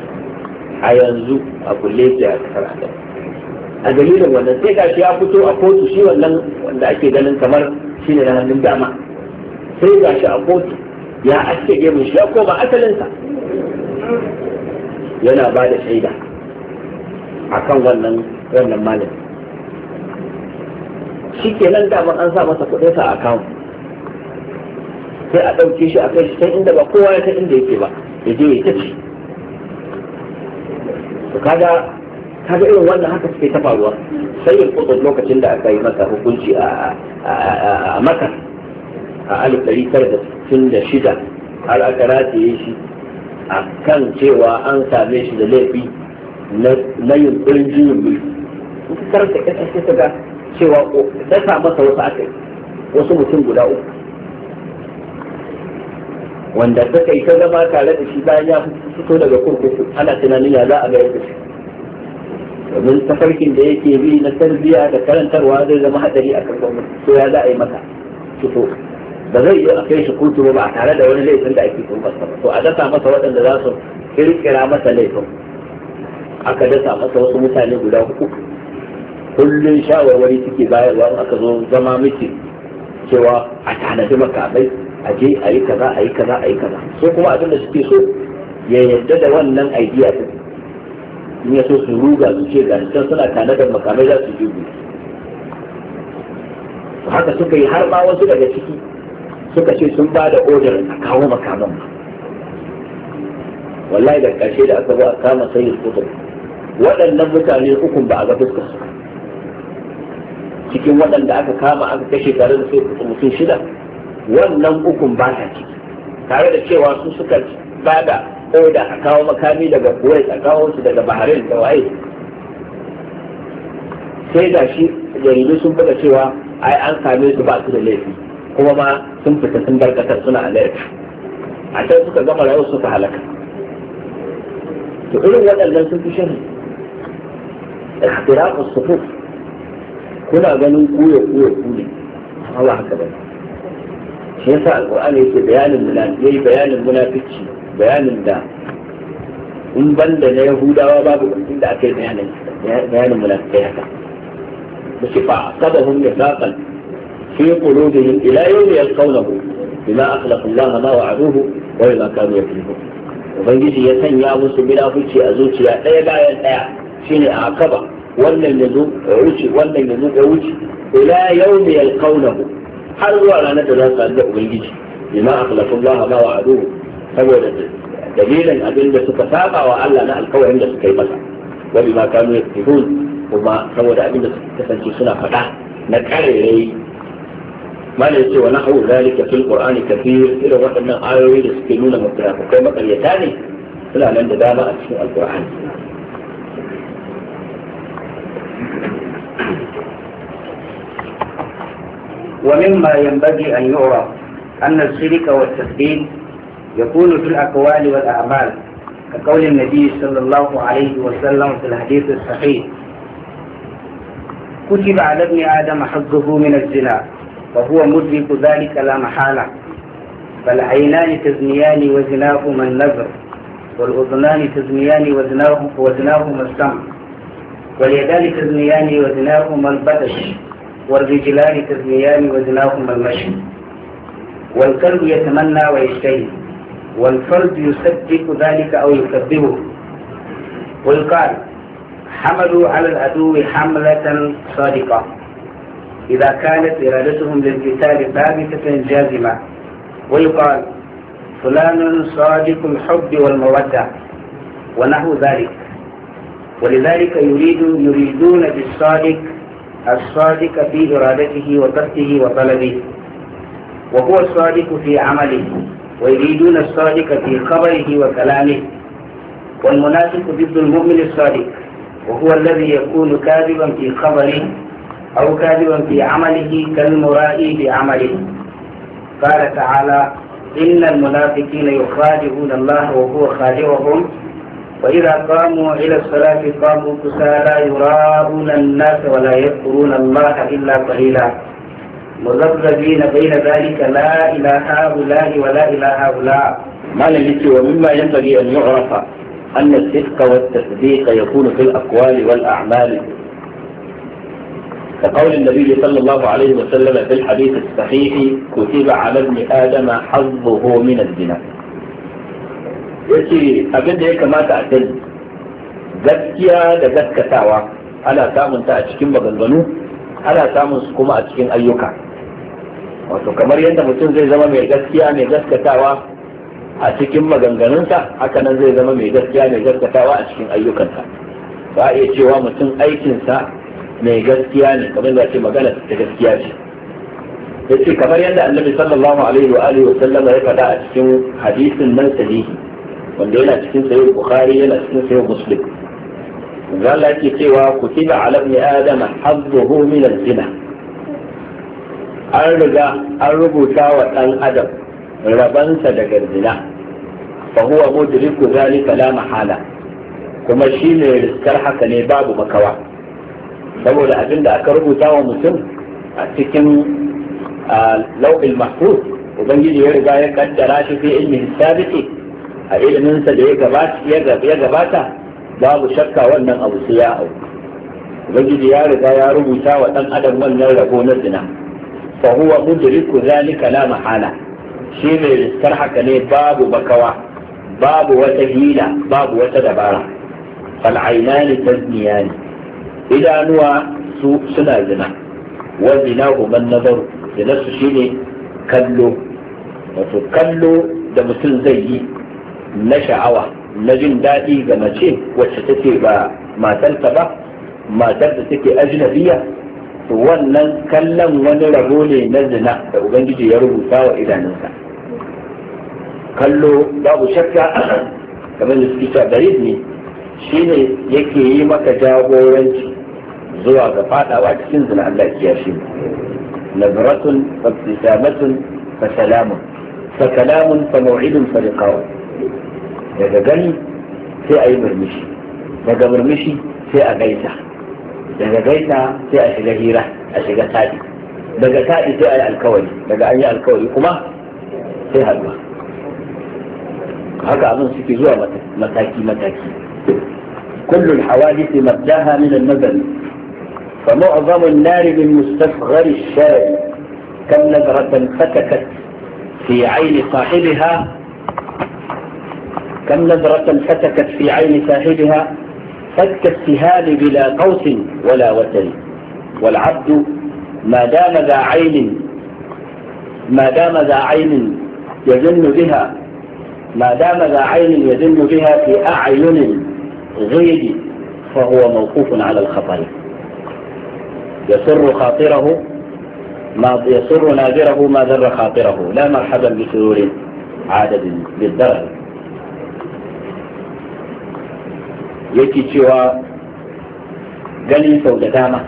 a yanzu a kulle ke a kasar adam a dalilin wannan sai gashi ya fito a kotu shi wannan wanda ake ganin kamar shi ne na hannun dama sai gashi a kotu ya aske gemun shi ya koma asalinsa yana ba da shaida a kan wannan wannan malami shi ke nan damar an sa masa kuɗinsa a kan sai a ɗauke shi a kai shi can inda ba kowa ya san inda yake ba ya je ya tafi to kaga kaga irin wannan haka suke ta faruwa sai ya kudu lokacin da aka yi masa hukunci a makar a alif ɗari tara da da shida har aka rataye shi a kan cewa an same shi da laifi na yin ɗin mulki in karanta ƙasa sai ta ga cewa dasa masa wasu aka wasu mutum guda uku wanda ta yi ta zama tare da shi bayan ya fito daga kurkuku ana tunanin ya za a ga yadda shi domin tafarkin da yake bi na tarbiyya da karantarwa zai zama hadari a kan gwamnati to ya za a yi maka fito ba zai iya a kai shi kuntu ba tare da wani laifin da ake kuma ba to a dasa masa waɗanda za su kirkira masa laifin aka dasa masa wasu mutane guda uku kullun shawarwari suke bayarwa in aka zo zama miki cewa a tanadi makamai a je a yi kaza a yi kaza a yi kaza so kuma abin da suke so ya yadda da wannan idea din in ya so su ruga su ce ga suna tanadar makamai za su je haka suka yi har ma wasu daga ciki suka ce sun ba da odar a kawo makaman wallahi da ƙarshe da aka zuwa a kama sayyid kutub waɗannan mutane ukun ba a ga fuska su cikin waɗanda aka kama aka kashe tare da sai mutum shida wannan ukun ba ta ciki tare da cewa su suka ba da oda a kawo makami daga kuwai a kawo su daga baharin da waye sai da shi jarirai sun buga cewa ai an same su ba su da laifi kuma ma sun fita sun bar kasar suna alert a can suka gama rayuwar suka halaka to irin waɗannan sun fi shan ikhtiraqus sufuf kuna ganin kuya kuya ne, amma ba haka ba shi yasa alqur'ani yake bayanin munafiki yayi bayanin munafici bayanin da in banda na yahudawa babu inda aka yi bayanin bayanin munafiki haka ba shi fa sabahum nifaqan في قلوبهم إلى يوم يلقونه بما أخلق الله ما وعدوه وبما كانوا يكذبون ubangiji ya sanya musu munafurci a zuciya ɗaya bayan ɗaya shine a kaba wannan ya zo ya wuce wannan ya zo ya wuce ila yawmi yalqawnahu har zuwa ranar da za su da ubangiji bima akhlaqallaha ma wa'aduhu saboda dalilin abin da suka saba wa Allah na alkawarin da suka yi masa wa bima kanu kuma saboda abin suka kasance suna faɗa na karerai ما لا ونحو نحو ذلك في القرآن كثير إلى من آيوي يسكنون متنافقين مقريتان لا لأن ده اسم أسمع القرآن ومما ينبغي أن يعرف أن الشرك والتثبيت يكون في الأقوال والأعمال كقول النبي صلى الله عليه وسلم في الحديث الصحيح كتب على ابن آدم حظه من الزنا وهو مدرك ذلك لا محالة فالعينان تزنيان وزناهما النظر والأذنان تزنيان وزناهما السمع واليدان تزنيان وزناهما البطش والرجلان تزنيان وزناهما المشي والكلب يتمنى ويشتهي والفرد يصدق ذلك أو يكذبه والقال حملوا على العدو حملة صادقة إذا كانت إرادتهم للقتال ثابتة جازمة ويقال فلان صادق الحب والمودة ونحو ذلك ولذلك يريد يريدون بالصادق الصادق في إرادته وقصده وطلبه وهو الصادق في عمله ويريدون الصادق في خبره وكلامه والمنافق ضد المؤمن الصادق وهو الذي يكون كاذبا في خبره أو كاذب في عمله كالمرائي بعمله قال تعالى إن المنافقين يخادعون الله وهو خادعهم وإذا قاموا إلى الصلاة قاموا كسالى يراءون الناس ولا يذكرون الله إلا قليلا مذبذبين بين ذلك لا إلى هؤلاء ولا إلى هؤلاء ما لم ومما ينبغي أن يعرف أن الصدق والتصديق يكون في الأقوال والأعمال كقول النبي صلى الله عليه وسلم في الحديث الصحيح كتب على ابن آدم حظه من الزنا yace abin da ya kamata a sani gaskiya da gaskatawa ana samun ta a cikin maganganu ana samun su kuma a cikin ayyuka wato kamar yadda mutum zai zama mai gaskiya mai gaskatawa a cikin maganganunsa haka nan zai zama mai gaskiya mai gaskatawa a cikin ayyukansa ba a iya cewa mutum aikinsa mai gaskiya ne kamar da ce magana ta gaskiya ce yace kamar yadda annabi sallallahu alaihi wa alihi wa sallama ya faɗa a cikin hadisin nan sahihi wanda yana cikin sahih bukhari yana cikin sahih muslim Allah yake cewa kutiba ala ibn adam hazzuhu min al-zina an riga an rubuta wa dan adam rabansa daga zina fa huwa mudriku zalika la mahala kuma shi ne riskar haka ne babu makawa saboda abin da aka rubuta wa mutum a cikin lau'il mahfuz ubangiji ya riga ya kaddara shi fi ilmin sabiti a ilimin sa da ya gabata babu shakka wannan abu sai ya au ubangiji ya riga ya rubuta wa dan adam wannan rabo na zina fa huwa mudriku zalika la mahala shi mai listar haka ne babu bakawa babu wata hila babu wata dabara fal'ainani tazniyani idanuwa su suna zina wa na man nazaru zinarsu shine kallo wato kallo da mutum zai yi na sha'awa na jin daɗi ga mace wacce take ba matarsa ba matar da take ajnabiya to wannan kallon wani rabo ne na zina da ubangiji ya rubuta wa idanunsa kallo babu shakka kamar da suke cewa ne shine yake yi maka jagoranci zuwa ga fadawa cikin zina Allah ya shi nazratun fabtisamatun fa salamun fa kalamun fa maw'idun fa liqa'u daga gani sai ayi murmushi daga murmushi sai a gaisa daga gaisa sai a shiga hira a shiga taɗi daga taɗi sai ayi yi alkawari daga an yi alkawari kuma sai haɗuwa haka abin suke zuwa mataki mataki kullum hawali sai mabdaha min al-nazari فمعظم النار مستصغر الشرعي كم نظرة فتكت في عين صاحبها كم نظرة فتكت في عين صاحبها فك السهام بلا قوس ولا وتر والعبد ما دام ذا عين ما دام ذا عين يزن بها ما دام ذا عين يزن بها في أعين غير فهو موقوف على الخطر يسر خاطره ما يسر ناذره ما ذر خاطره لا مرحبا بسرور عدد بالدرر yake cewa gani sau da dama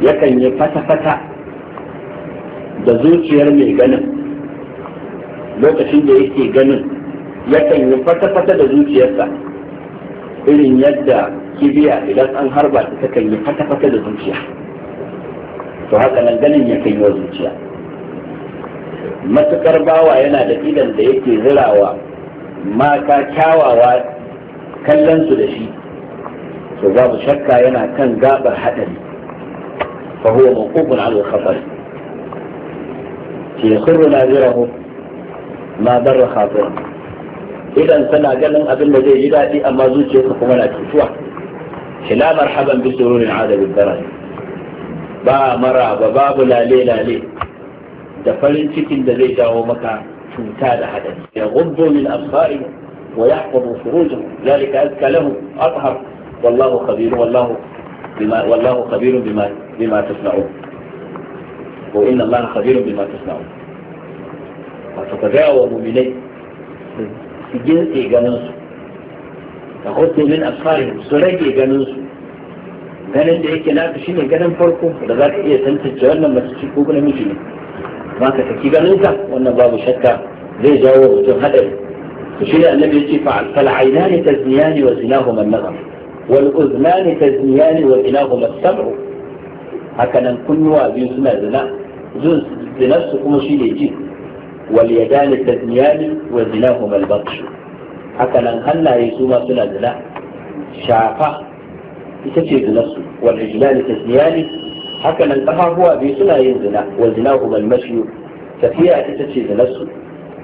yakan yi fata-fata da zuciyar mai ganin lokacin da yake ganin yakan yi fata-fata da zuciyarsa irin yadda kibiya idan an harba ta takan yi fata-fata da zuciya to haka nan ganin ya kai wa zuciya matukar bawa yana da idan da yake zirawa mata kyawawa kallon su da shi to babu shakka yana kan gabar hadari fa huwa mawqufun ala al-khatar fi khurru nazirahu ma barra khatir idan tana ganin abin da zai yi daɗi amma zuciyarsa kuma na cutuwa لا مرحبا بسرور عاد بالدرج با مرا با لا لي لا لي ده فلن تكن ده زي جاو مكا تمتاد حدث يغض من ابصارهم ويحفظ فروجهم ذلك ازكى لهم أطهر والله خبير والله بما والله خبير بما بما تصنعون وإن الله خبير بما تصنعون فتتجاوب مني في جنسي جنسي da hoto min asfarin su rage ganin su ganin da yake naka shine ganin farko da za ka iya tantance wannan mace ci ko namiji ne ba ka saki ganin ka wannan babu shakka zai jawo mutum hadari to shi ne annabi yace fa al aynani tazniyani wa zinahuma an-nazar wal uznani tazniyani wa zinahuma as-sam'u haka kunnuwa biyu suna zina zun zinarsu kuma shi ne ji wal yadani tazniyani wa zinahuma al-batsh hakanan nan hannaye su ma suna zina shafa ita ce zinarsu wal ne tasniyani haka hakanan kafafuwa biyu suna yin zina wa zinahu bal mashiyu tafiya ita ce zinarsu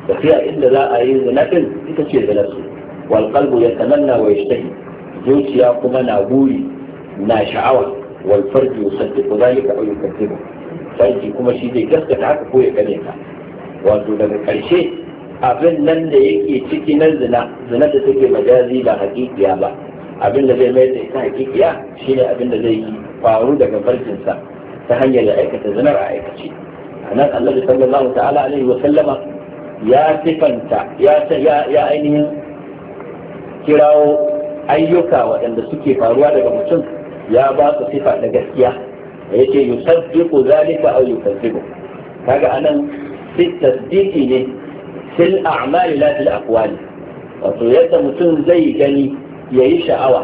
tafiya inda za a yi zina din ita ce zinarsu wal qalbu yatamanna wa yashtahi zuciya kuma na buri na sha'awa wal farju yusaddiqu dhalika aw yukaththibu farji kuma shi zai gaskata haka ko ya kare ka wato daga karshe abin nan da yake ciki na zina zina da take majazi ba hakikiya ba abin da zai mai da ita hakikiya shine abin da zai faru daga farcinsa ta hanyar da aikata zinar a aikace a nan Allah sallallahu ta'ala alaihi wa sallama ya sifanta ya ainihin kirawo ayyuka waɗanda suke faruwa daga mutum ya ba su sifa da gaskiya da yake yusaddiqu zalika aw yukazzibu kaga anan tasdiqi ne fil a'mali la fil aqwali wato yadda mutum zai gani yayi sha'awa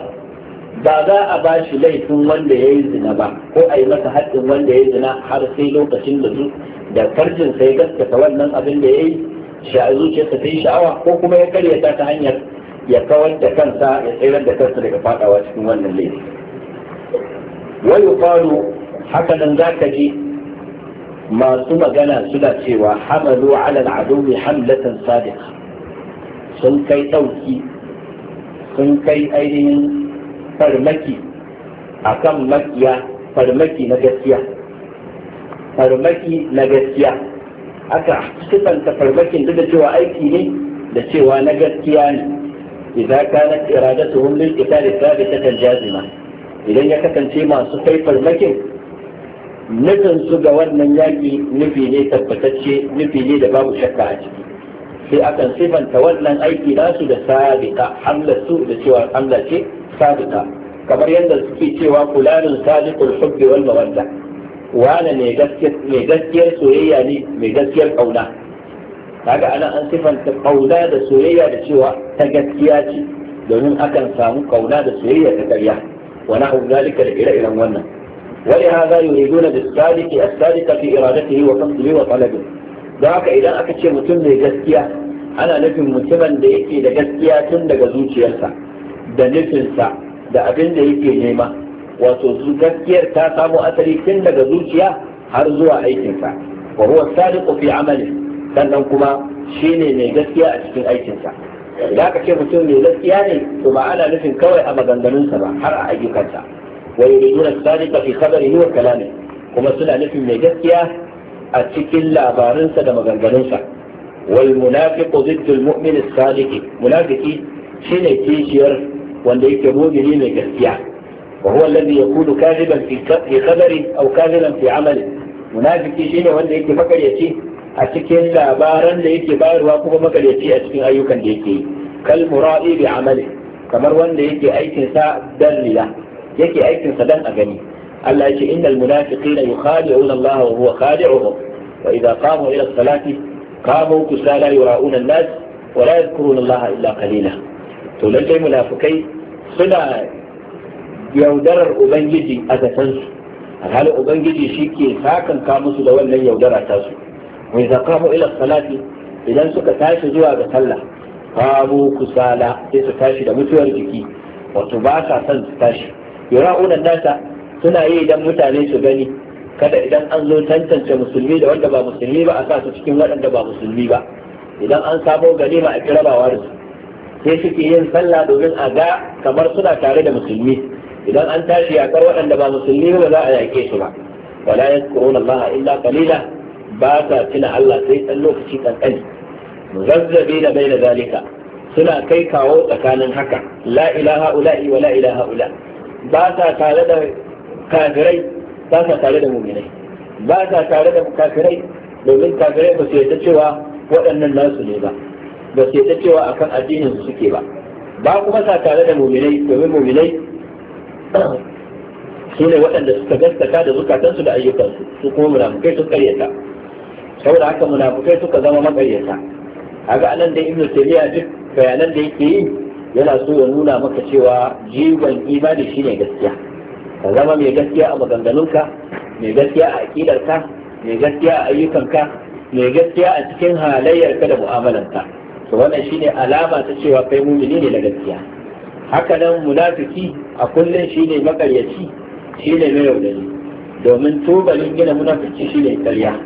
ba za a ba shi laifin wanda ya yi zina ba ko a yi masa haɗin wanda ya yi zina har sai lokacin da da farjin sai gaskata wannan abin da ya yi zuciyarsa ta yi sha'awa ko kuma ya karyata ta hanyar ya kawar da kansa ya tsirar da kansa daga fadawa cikin wannan laifi wai yuqalu haka nan zaka ji masu magana suna cewa hamalu ala al'adumi hamlatan sadiq sun kai ɗauki sun kai ainihin farmaki a kan makiya farmaki na gaskiya farmaki na gaskiya aka sifanta farmakin duk da cewa aiki ne da cewa na gaskiya ne idan ka na da iradatuhum lil qital thabitatan jazima idan ya kasance masu kai farmakin nufin su ga wannan yaƙi nufi ne tabbatacce nufi ne da babu shakka a ciki sai akan sifanta wannan aiki nasu da sabita Allah su da cewa Allah ce sabita kamar yadda suke cewa fulanin sadiqul hubbi wal mawadda wala ne mai gaskiyar soyayya ne mai gaskiyar kauna kaga anan an sifanta kauna da soyayya da cewa ta gaskiya ce domin akan samu kauna da soyayya ta ƙarya wa na'u zalika da ire-iren wannan Wani ولهذا يريدون بالصادق الصادق في إرادته وقصده وطلبه ذاك إذا أكتش متم جسكية أنا نفهم متما da yake da gaskiya tun daga zuciyarsa da nufinsa da abin da yake nema wato gaskiyar ta samo asali tun daga zuciya har zuwa aikinsa wa huwa sadiqu fi amali sannan kuma shine mai gaskiya a cikin aikinsa da aka ce mutum mai gaskiya ne to ba ana nufin kawai a maganganunsa ba har a ayyukansa wa yuriduna sadiqa fi khabarihi wa kalamihi kuma suna nufin mai gaskiya a cikin labarinsa da maganganunsa wai munafiqu ziddu al mu'min as sadiq munafiki shine kishiyar wanda yake mu'mini mai gaskiya wa huwa alladhi yakunu kadiban fi khabari aw kadiban fi amali munafiki shine wanda yake makaryaci a cikin labaran da yake bayarwa kuma makaryaci a cikin ayyukan da yake yi kal amali kamar wanda yake aikin sa yake aikin sa dan a gani Allah ya ce innal munafiqina yukhadi'una Allah wa huwa khadi'uhum wa idza qamu ila salati qamu kusala yura'una an-nas wa la yadhkuruna Allah illa qalila to lalle munafikai suna yaudarar ubangiji a zatansu alhali ubangiji shi ke sakanka musu da wannan yaudara su wa idza qamu ila salati idan suka tashi zuwa ga sallah qamu kusala sai su tashi da mutuwar jiki wato ba sa son su tashi yura'una nasa suna yi idan mutane su gani kada idan an zo tantance musulmi da wanda ba musulmi ba a sa su cikin waɗanda ba musulmi ba idan an samo ganima a kirabawa da su sai suke yin sallah domin a ga kamar suna tare da musulmi idan an tashi yakar waɗanda ba musulmi ba za a yake su ba wala yadhkuruna Allah illa qalila ba ta tuna Allah sai dan lokaci kankani muzazzabi da bai da zalika suna kai kawo tsakanin haka la ilaha ula'i wa la ilaha ula'i ba sa tare da kafirai ba sa tare da muminai ba sa tare da kafirai domin kafirai ba su yadda cewa waɗannan nasu ne ba ba su yadda cewa akan addinin su suke ba ba kuma sa tare da muminai domin muminai [clears throat] su ne waɗanda suka gaskata da zukatansu da ayyukansu su kuma munafukai su karyata saboda haka munafukai suka zama makaryata a ga anan da ibnu taymiya duk bayanan da yake yi yana so ya nuna maka cewa jigon imani shine gaskiya ka zama mai gaskiya a maganganunka mai gaskiya a aƙidarka mai gaskiya a ayyukanka mai gaskiya a cikin halayyarka da mu'amalanka to wannan shine alama ta cewa kai mumini ne na gaskiya haka nan munafiki a kullum shine makaryaci shine mai yaudari domin tubalin gina munafiki shine karya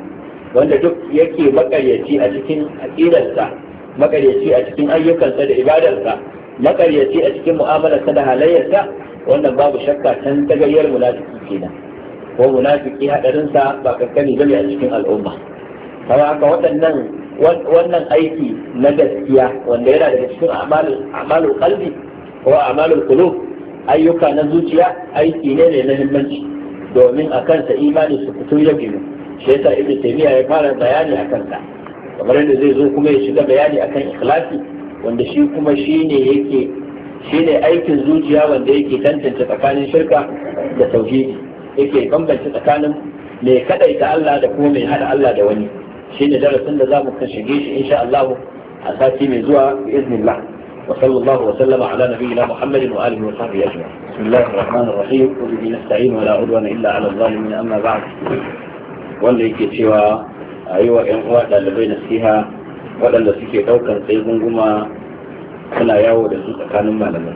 wanda duk yake makaryaci a cikin aƙidarsa makaryaci a cikin ayyukansa da ibadarsa makaryaci a cikin mu'amalarsa da halayyarsa wannan babu shakka can tagayyar munafiki kenan ko munafiki hadarinsa ba kankani bane a cikin al'umma kawai haka waɗannan wannan aiki na gaskiya wanda yana daga cikin amalu kalbi ko amalu kulu ayyuka na zuciya aiki ne ne na himmanci domin a kansa imani su fito ya biyu shi yasa ibn taymiya ya fara bayani a kansa kamar yadda zai zo kuma ya shiga bayani akan ikhlasi wanda shi kuma shine yake shine aikin zuciya wanda yake tantance tsakanin shirka da tauhidi yake bambance tsakanin mai kadaita Allah da kuma mai hada Allah da wani shine darasin da zamu kan shige shi insha Allah a sati mai zuwa bi iznillah wa sallallahu wa sallama ala nabiyyina Muhammadin wa alihi wa sahbihi ajma'in bismillahir rahmanir rahim wa bihi nasta'in wa la udwana illa ala zalimin amma ba'd wanda yake cewa a yi wa 'yan uwa ɗalibai nasiha waɗanda suke ɗaukar sai gunguma suna yawo da su tsakanin malamai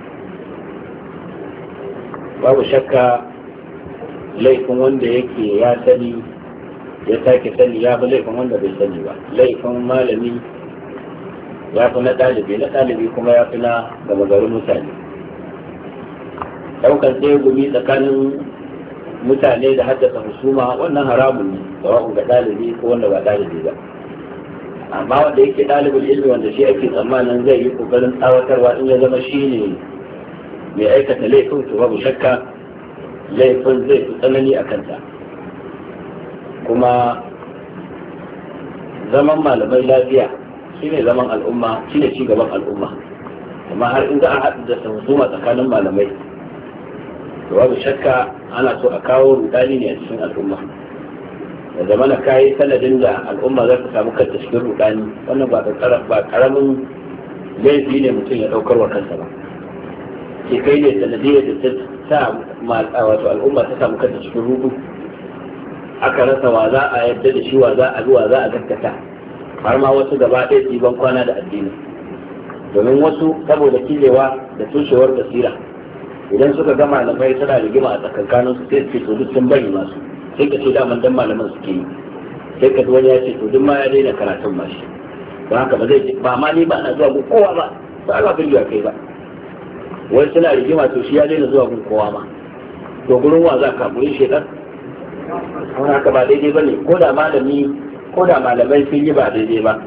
babu shakka laifin wanda yake ya sani ya sake sani ya fi laifin wanda bai sani ba laifin malami ya fi na ɗalibi na ɗalibi kuma ya fi na gama garin mutane ɗaukar sai gumi tsakanin mutane da haddasa husuma wannan haramun ne ga ɗalibi ko wanda ba ɗalibi ba amma wanda yake dalibin ilmi wanda shi ake tsammanin zai yi kokarin tsawatarwa in ya zama shi ne mai aikata laifin to babu shakka laifin zai fi tsanani a kanta kuma zaman malamai lafiya shi ne zaman al'umma shi ne cigaban al'umma amma har in za a haɗu da samusuma tsakanin malamai to babu shakka ana so a kawo rudani ne a cikin al'umma da zamana kayi sanadin da al'umma za ta samu kanta cikin rudani wannan ba karamin laifi ne mutum ya daukar wa kansa ba ke kai ne sanadiyar da ta sa wato al'umma ta samu kanta cikin rudu aka rasa wa za a yadda da shi wa za a wa za a gaskata har ma wasu gaba ɗaya su ban kwana da addini domin wasu saboda kilewa da tushewar basira idan suka gama da bai tana rigima a tsakankanin su sai su duk sun bari masu sai ka ce daman dan malaman suke yi sai ka wani ya ce to duk ma ya daina karatun ma shi don haka ba zai ce ba ma ni ba na zuwa gun kowa ba ba ba bin kai ba wani suna rigima to shi ya daina zuwa gun kowa ma to gurin wa za ka shi shekar don haka ba daidai ba ne ko da malami ko da malamai sun yi ba daidai ba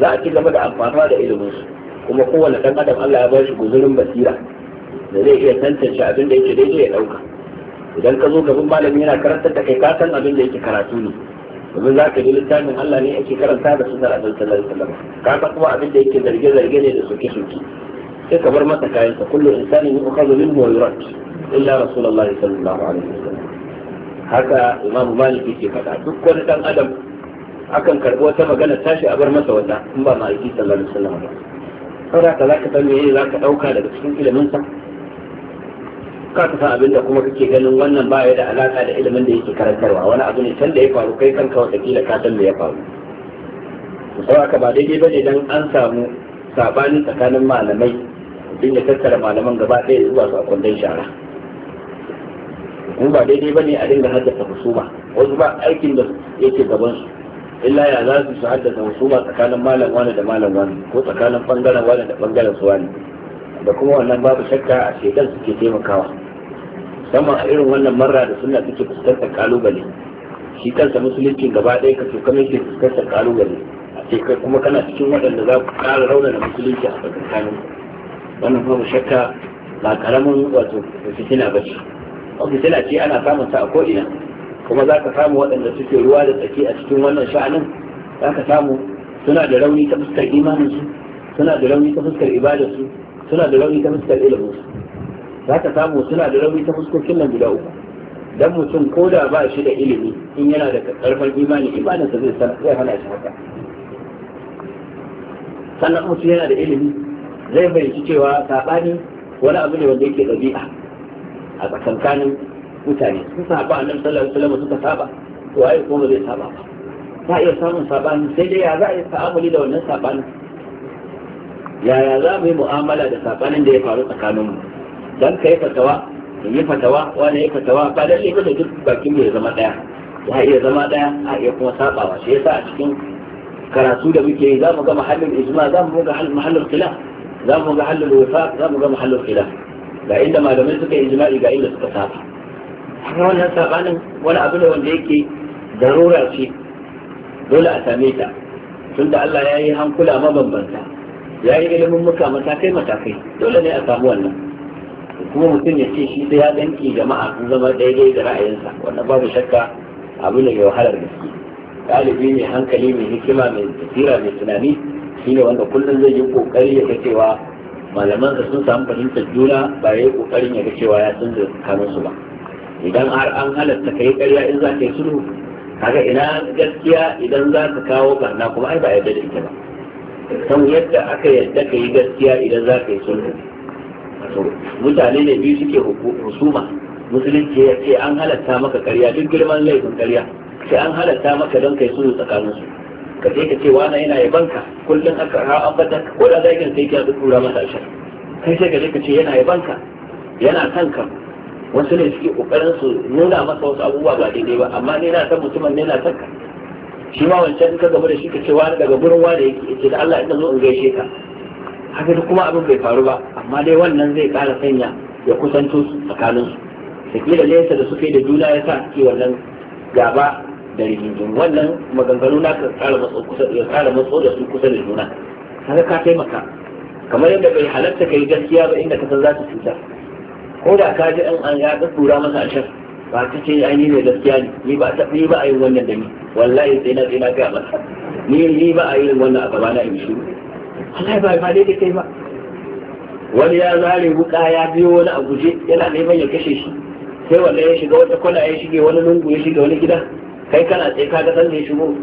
za a ci gaba da amfanuwa da iliminsu kuma kowane ɗan adam Allah ya ba shi guzurin basira da zai iya tantance abin da yake daidai ya ɗauka. idan ka zo gaban malami yana karanta da kai ka san abin da yake karatu ne domin za ka bi littafin Allah ne yake karanta da sunnar Annabi sallallahu alaihi wasallam ka san kuma abin da yake zarge zarge ne da suke suke. sai ka bar masa kayan sa kullu insanin yu'khadhu minhu wa yurad illa rasulullahi sallallahu alaihi wasallam haka Imam Malik yake faɗa duk wani dan adam akan karɓi wata magana tashi a bar masa wata in ba maliki sallallahu alaihi wasallam ba saboda za ka san me za ka ɗauka daga cikin ilimin sa ka ta san abin da kuma kake ganin wannan ba ya da alaka da ilimin da yake karantarwa wani abu ne can da ya faru kai kanka kila ka san me ya faru sau haka ba daidai ba ne don an samu sabani tsakanin malamai din ya tattara malaman gaba ɗaya zuwa su a kwandon shara kuma ba daidai ba ne a dinga haddasa husuma wasu ba aikin da yake gaban su illa ya za su haddasa husuma tsakanin malam wani da malam wani ko tsakanin bangaren wani da bangaren su wani da kuma wannan babu shakka a shekar suke taimakawa musamman a irin wannan marra da suna suke fuskantar kalubale shi kansa musulunci gaba ɗaya ka tuka mai ke fuskantar kalubale a ce kai kuma kana cikin waɗanda za ku ƙara raunana musulunci a tsakanin wannan babu shakka ba karamin wato fitina ba ce fitina ce ana samun ta a ko'ina kuma za ka samu waɗanda suke ruwa da tsaki a cikin wannan sha'anin za ka samu suna da rauni ta fuskar imaninsu suna da rauni ta fuskar ibadarsu suna da rauni ta fuskar ilimin za ka samu suna da rauni ta fuskokin nan guda uku dan mutum ko da ba shi da ilimi in yana da karfin imani imaninsa zai zai hana shi haka sannan mutum yana da ilimi zai fahimci cewa saɓani wani abu ne wanda yake ɗabi'a a tsakankanin mutane sun saba a nan sallallahu alaihi suka saba to ai kuma zai saba ba za a iya samun saɓani sai dai ya za a yi ta'amuli da wannan saɓanin yaya za mu yi mu'amala da sakanin da ya faru tsakanin mu dan kai fatawa in yi fatawa wani ya fatawa ba da ba da duk bakin mu ya zama daya ya iya zama daya a iya kuma sabawa shi yasa a cikin karatu da muke yi za mu ga mahallin ijma za mu ga mahallin kila za mu ga muhallin wifaq za mu ga mahallin kila ga inda malamai suka yi ijma'i ga inda suka saba haka wannan sabanin wani abu ne wanda yake darura ce dole a same ta tunda Allah ya yi hankula mabambanta ya yi ilimin muka matakai matakai dole ne a samu wannan kuma mutum ya ce shi sai ya danki jama'a sun zama daidai da ra'ayinsa wannan babu shakka abu ne mai wahalar gaske ɗalibi mai hankali mai hikima mai tafira mai tunani shine wanda kullum zai yi kokari ya ga cewa malaman sun samu fahimtar juna ba ya yi kokarin ya ga cewa ya san da kanun su ba idan har an halatta kai karya in za ka yi sulhu kaga ina gaskiya idan za ka kawo barna kuma ai ba yadda da ita ba san yadda aka yadda ka yi gaskiya idan za ka yi sulhu mutane ne biyu suke husuma musulunci ya ce an halatta maka karya duk girman laifin karya sai an halatta maka don kai sulhu tsakanin su ka je ka ce wani yana yabanka kullum aka ha an bata ko da zai kan sai ka tura masa ashar kai sai ka je ka ce yana yabanka yana kan ka wasu ne suke kokarin su nuna masa wasu abubuwa ba daidai ba amma ne na san mutumin ne na son ka shi ma wancan ka gaba da shi ka ce wani daga gurin wani yake ce da Allah ina zo in gaishe ka haka da kuma abin bai faru ba amma dai wannan zai kara sanya ya kusanto tsakanin su da nesa da suke da juna ya sa ke wannan gaba da rigingimu wannan maganganu na ka kara matso da su kusa da juna kaga ka taimaka kamar yadda bai halatta kai gaskiya ba inda ka san za ta cuta ko da ka ji an ya tsura masa a can. ba ta ce an yi ne gaskiya ne ni ba ta ni ba a yi wannan da ni wallahi sai na sai na ga ba ni ni ba a yi wannan a gaba na in shi wallahi ba ba dai kai ba wani ya zare wuka ya biyo wani a guje yana neman ya kashe shi sai wanda ya shiga wata kwana ya shige wani lungu ya shiga wani gida kai kana tsaye ka ga sanda ya shigo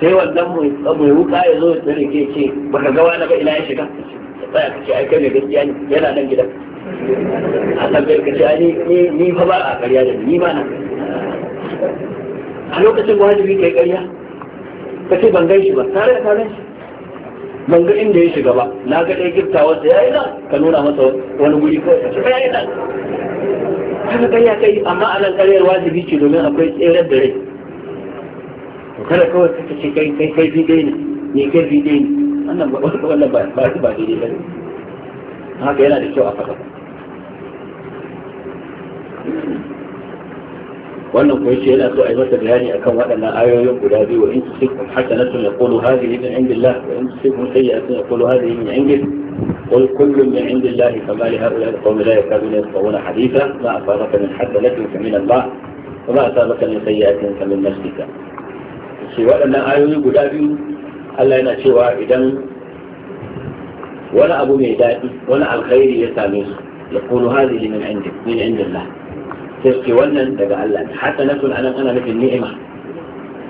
sai wannan mai wuka ya zo ya tsare ke ce baka ga wani ba ina ya shiga tsaya ka ce ai kai ne gaskiya ne yana nan gidan. a tambayar ka ce ni ni fa ba a ƙarya da ni ba na a lokacin wajibi kai ƙarya ka ce ban gan shi ba tare da tare ban ga inda ya shiga ba na ga ɗaya gifta wanda ya yi nan ka nuna masa wani guri kawai ka ce ya yi nan kaga ƙarya kai amma a nan ƙaryar wajibi ce domin akwai tserar da rai to kada kawai ka ce kai kai kai bidai ne ne kai bidai ne wannan ba wannan ba ba daidai ba ne. haka yana da kyau a faɗa wannan kuma shi yana so a yi masa bayani akan waɗannan ayoyin guda biyu wa in ya hasanatun yaqulu yi min indillah wa in tusikum sayyi'atun yaqulu hadhihi min indih قل كل من عند الله فما لهؤلاء القوم لا يكادون يفقهون حديثا ما أصابك من حسنة فمن الله وما min من سيئة فمن نفسك shi waɗannan ayoyi guda biyu Allah yana cewa idan wani abu mai daɗi wani alkhairi ya same su ya kulu hadhihi min indi min indillah sai ce wannan daga Allah ne hasanatun anan ana nufin ni'ima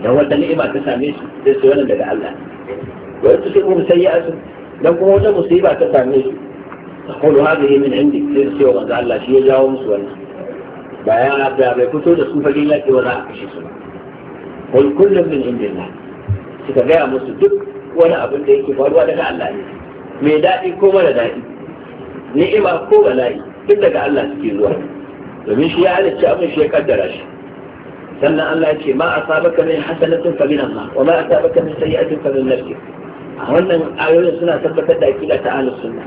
dan wata ni'ima ta same su sai ce wannan daga Allah wa yusibu sayyi'atu dan kuma wata musiba ta same su taqulu hadhihi min indi sai ce wa Allah shi ya jawo musu wannan ba ya ba bai fito da su fage yaki wa za a kashe su ba qul kullun min indillah suka gaya musu duk wani abin da yake faruwa daga Allah ne mai daɗi ko mara daɗi ni'ima ko bala'i duk daga Allah suke zuwa domin shi ya halicci abin shi ya kaddara shi sannan Allah ce ma a asabaka min hasanatin fa min Allah wa ma asabaka min sayyi'atin fa min nafsi. a wannan ayoyin suna tabbatar da aqida ta ahlus sunna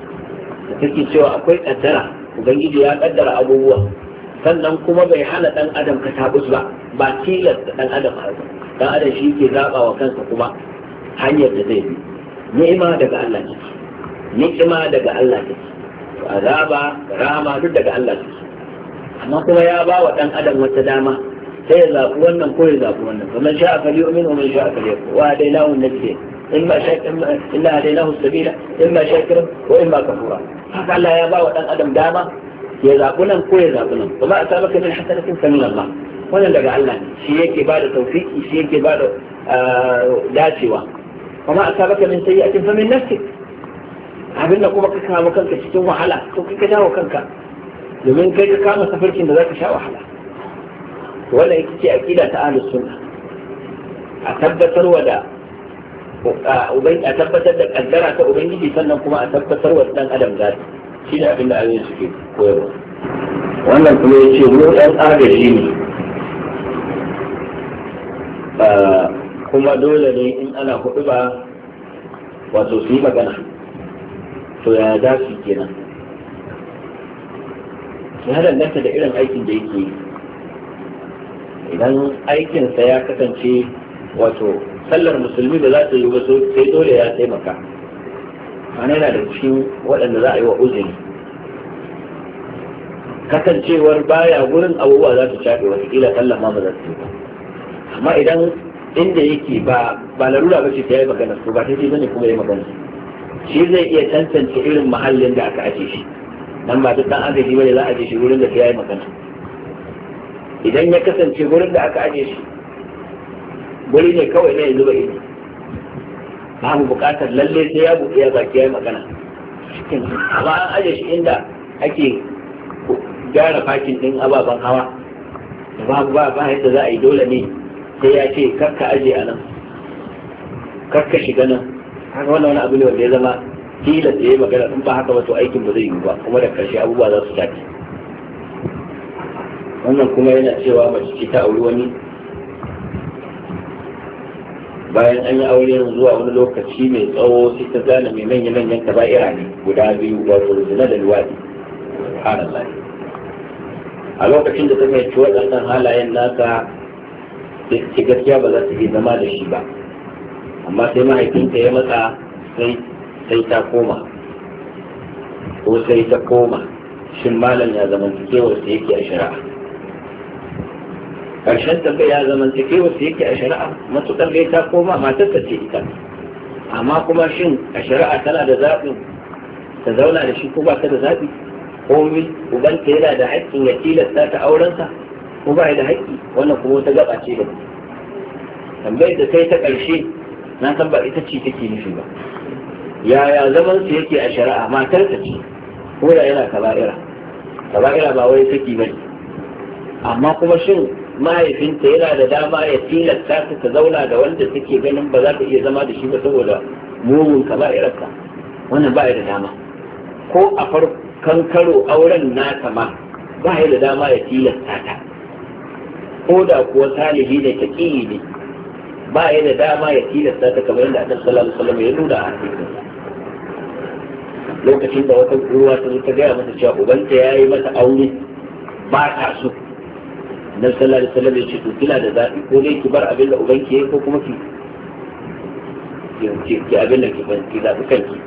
da take cewa akwai kaddara ubangiji ya kaddara abubuwa sannan kuma bai hana dan adam ka tabus ba ba tilasta dan adam ba dan adam shi ke zaba wa kansa kuma hanyar da zai bi ni'ima daga Allah ne ni'ima daga Allah ne azaba rama duk daga Allah ne amma kuma ya ba wa ɗan adam wata dama sai ya zaɓi wannan ko ya zaɓi wannan kamar sha'a fali umin wa man sha'a yakfur wa dai lahun nafsi إما شاكر إلا هديناه السبيل إما شاكرا وإما kafura haka Allah ya ba wa ɗan adam dama ya zaɓi nan ko ya zaɓi nan ba a saba kai min hasanatin sanin Allah wannan daga Allah shi yake ba da tawfiki shi yake ba da dacewa kuma a saba kai min sayyi'atin fa min nafsi abinda kuma ka kama kanka cikin wahala to kika dawo kanka domin kai ka kama farkin da za ka sha wahala wannan ita ce aƙida ta ahlus sunna a tabbatar da a tabbatar da kaddara ta ubangiji sannan kuma a tabbatar wa dan adam da shi ne abin da ayoyin suke koyarwa wannan kuma ya ce mu dan shi ne kuma dole ne in ana hudu ba wato su yi magana to ya za su kenan ya danganta da irin aikin da yake yi idan aikinsa ya kasance wato sallar musulmi da za ta yi ba sai dole ya taimaka ana yana da cikin waɗanda za a yi wa uzuri kasancewar baya gurin abubuwa za su shafe watakila sallar ma ba za su ba amma idan inda yake ba ba larura ba ce ta yi magana su ba ta ce bane kuma ya magana shi zai iya tantance irin mahallin da aka ajiye. shi dan ba duk dan agaji bane za a je shi wurin da ya yi magana idan ya kasance wurin da aka aje shi wuri ne kawai na yanzu ba ido babu bukatar lalle sai ya buɗe ya baki ya yi magana amma an aje shi inda ake gyara fakin din ababen hawa babu ba ba yadda za a yi dole ne sai ya ce karka aje a nan karka shiga nan haka wannan wani abu ne wanda ya zama tilas ya yi magana in ba haka wato aikin ba zai yi ba kuma da karshe abubuwa za su tafi wannan kuma yana cewa mace ce ta auri wani bayan an yi aure yanzu zuwa wani lokaci mai tsawo sai ta gane mai manya manyan ba'ira ne guda biyu wato zina da luwadi a lokacin da ta fahimci waɗannan halayen naka ce gaskiya ba za ta yi zama da shi ba amma sai mahaifinta ya matsa sai sai ta koma ko sai ta koma shin malam ya cikewar su yake a shari'a ƙarshen ta ya cikewar su yake a shari'a matuƙar dai ta koma matarsa ce ita amma kuma shin a shari'a tana da zaɓin ta zauna da shi ko ba ta da zaɓi Ko komi ta yana da haƙƙin ya tilasta ta aurensa ko ba da haƙƙi wannan kuma wata gaba ce da tambayar da sai ta ƙarshe na san ba ita ce take nufi ba yaya zaman su yake a shari'a matar ta ce ko da yana kaba'ira kaba'ira ba wai saki bane amma kuma shin mahaifinta yana da dama ya tilasta ta ta zauna da wanda take ganin ba za ta iya zama da shi ba saboda mugun kaba'irarsa wannan ba da dama ko a farkon karo auren nata ma ba da dama ya tilasta ta ko da kuwa talibi da ta ne ba da dama ya tilasta ta kamar yadda annabi sallallahu alaihi wasallam ya nuna a hadisin lokacin da wata ruwa ta ta gaya mata cewa ubanta ya yi mata aure ba ta so nan Sallar Sallar ya ce to kina da zafi ko dai ki bar abin da ubanki yi ko kuma ki ki ki abin da ki ban za su kanki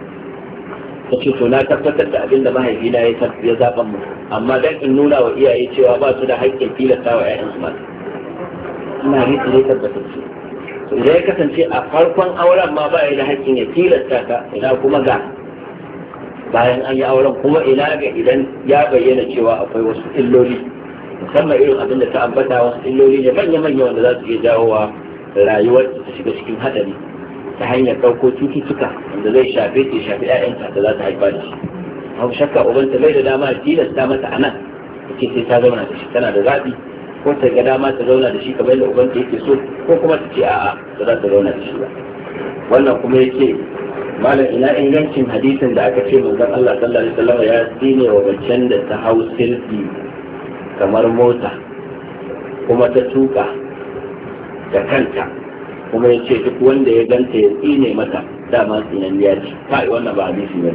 ta ce to na tabbatar da abin da mahaifina ya ya zaban mu amma dan in nuna wa iyaye cewa ba su da haƙƙin tilasta wa ƴaƴansu mata ina riƙe ne tabbatar su idan ya kasance a farkon auren ma ba ya da haƙƙin ya tilasta ka ina kuma ga bayan an yi auren kuma ina ga idan ya bayyana cewa akwai wasu illoli musamman irin abin da ta ambata wasu illoli ne manya-manya wanda za su iya jawowa rayuwar ta shiga cikin hadari ta hanyar ɗauko cututtuka wanda zai shafe ta shafi 'ya'yanta da za ta haifa da shi hau shakka ubanta bai da dama tilasta mata a nan ce sai ta zauna da shi tana da zaɓi ko ta ga dama ta zauna da shi kamar yadda ubanta yake so ko kuma ta ce a'a ba za ta zauna da shi ba wannan kuma yake malam ina ingancin hadisin da aka ce manzon Allah sallallahu alaihi wasallam ya tsine wa macen da ta hau silfi kamar mota kuma ta tuka da kanta kuma ya ce duk wanda ya ganta ya tsine mata dama tsinan ya ce kai wannan ba hadisi ne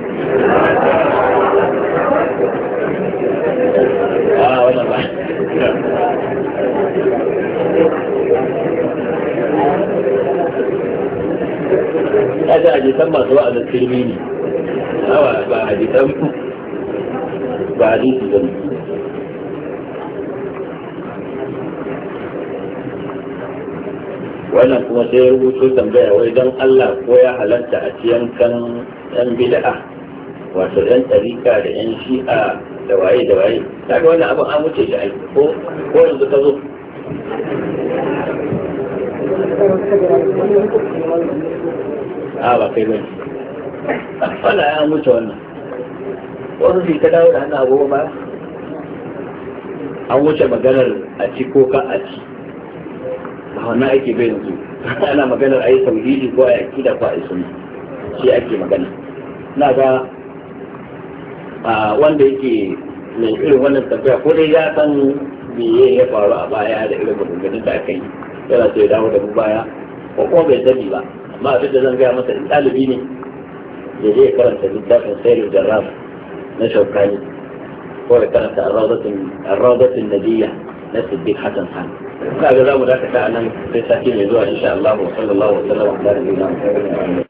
[laughs] ah, wannan ba [laughs] kaga hadisan masu wa'azin turmi ne ba hadisan ba hadisi ba wannan kuma sai ya rubuto tambaya wai don Allah ko ya halatta a ciyan kan yan bida'a wato yan tarika da yan shi'a da waye da waye ga wannan abin amince da shi ko ko yanzu ka zo a ah, ba kai bane wala ya mutu wannan wasu shi ta dawo da hannu agogo ba an wuce maganar a ci ko ka a ci a wannan ake bai yanzu [laughs] ana maganar a yi tauhidi ko a yi da ko a yi sunna shi ake magana na ga wanda yake mai irin wannan tafiya ko dai ya san me ya faru a baya da irin maganganun da aka yi yana so ya dawo da mu baya ko kuma bai sani ba amma abin da zan gaya masa in ɗalibi ne ya je karanta littafin sayar da ram na shaukani ko ya karanta arrazatin nabiya na siddiq hasan khan kaga za mu dakata a nan sai sati mai zuwa insha Allah wa sallallahu alaihi wa sallam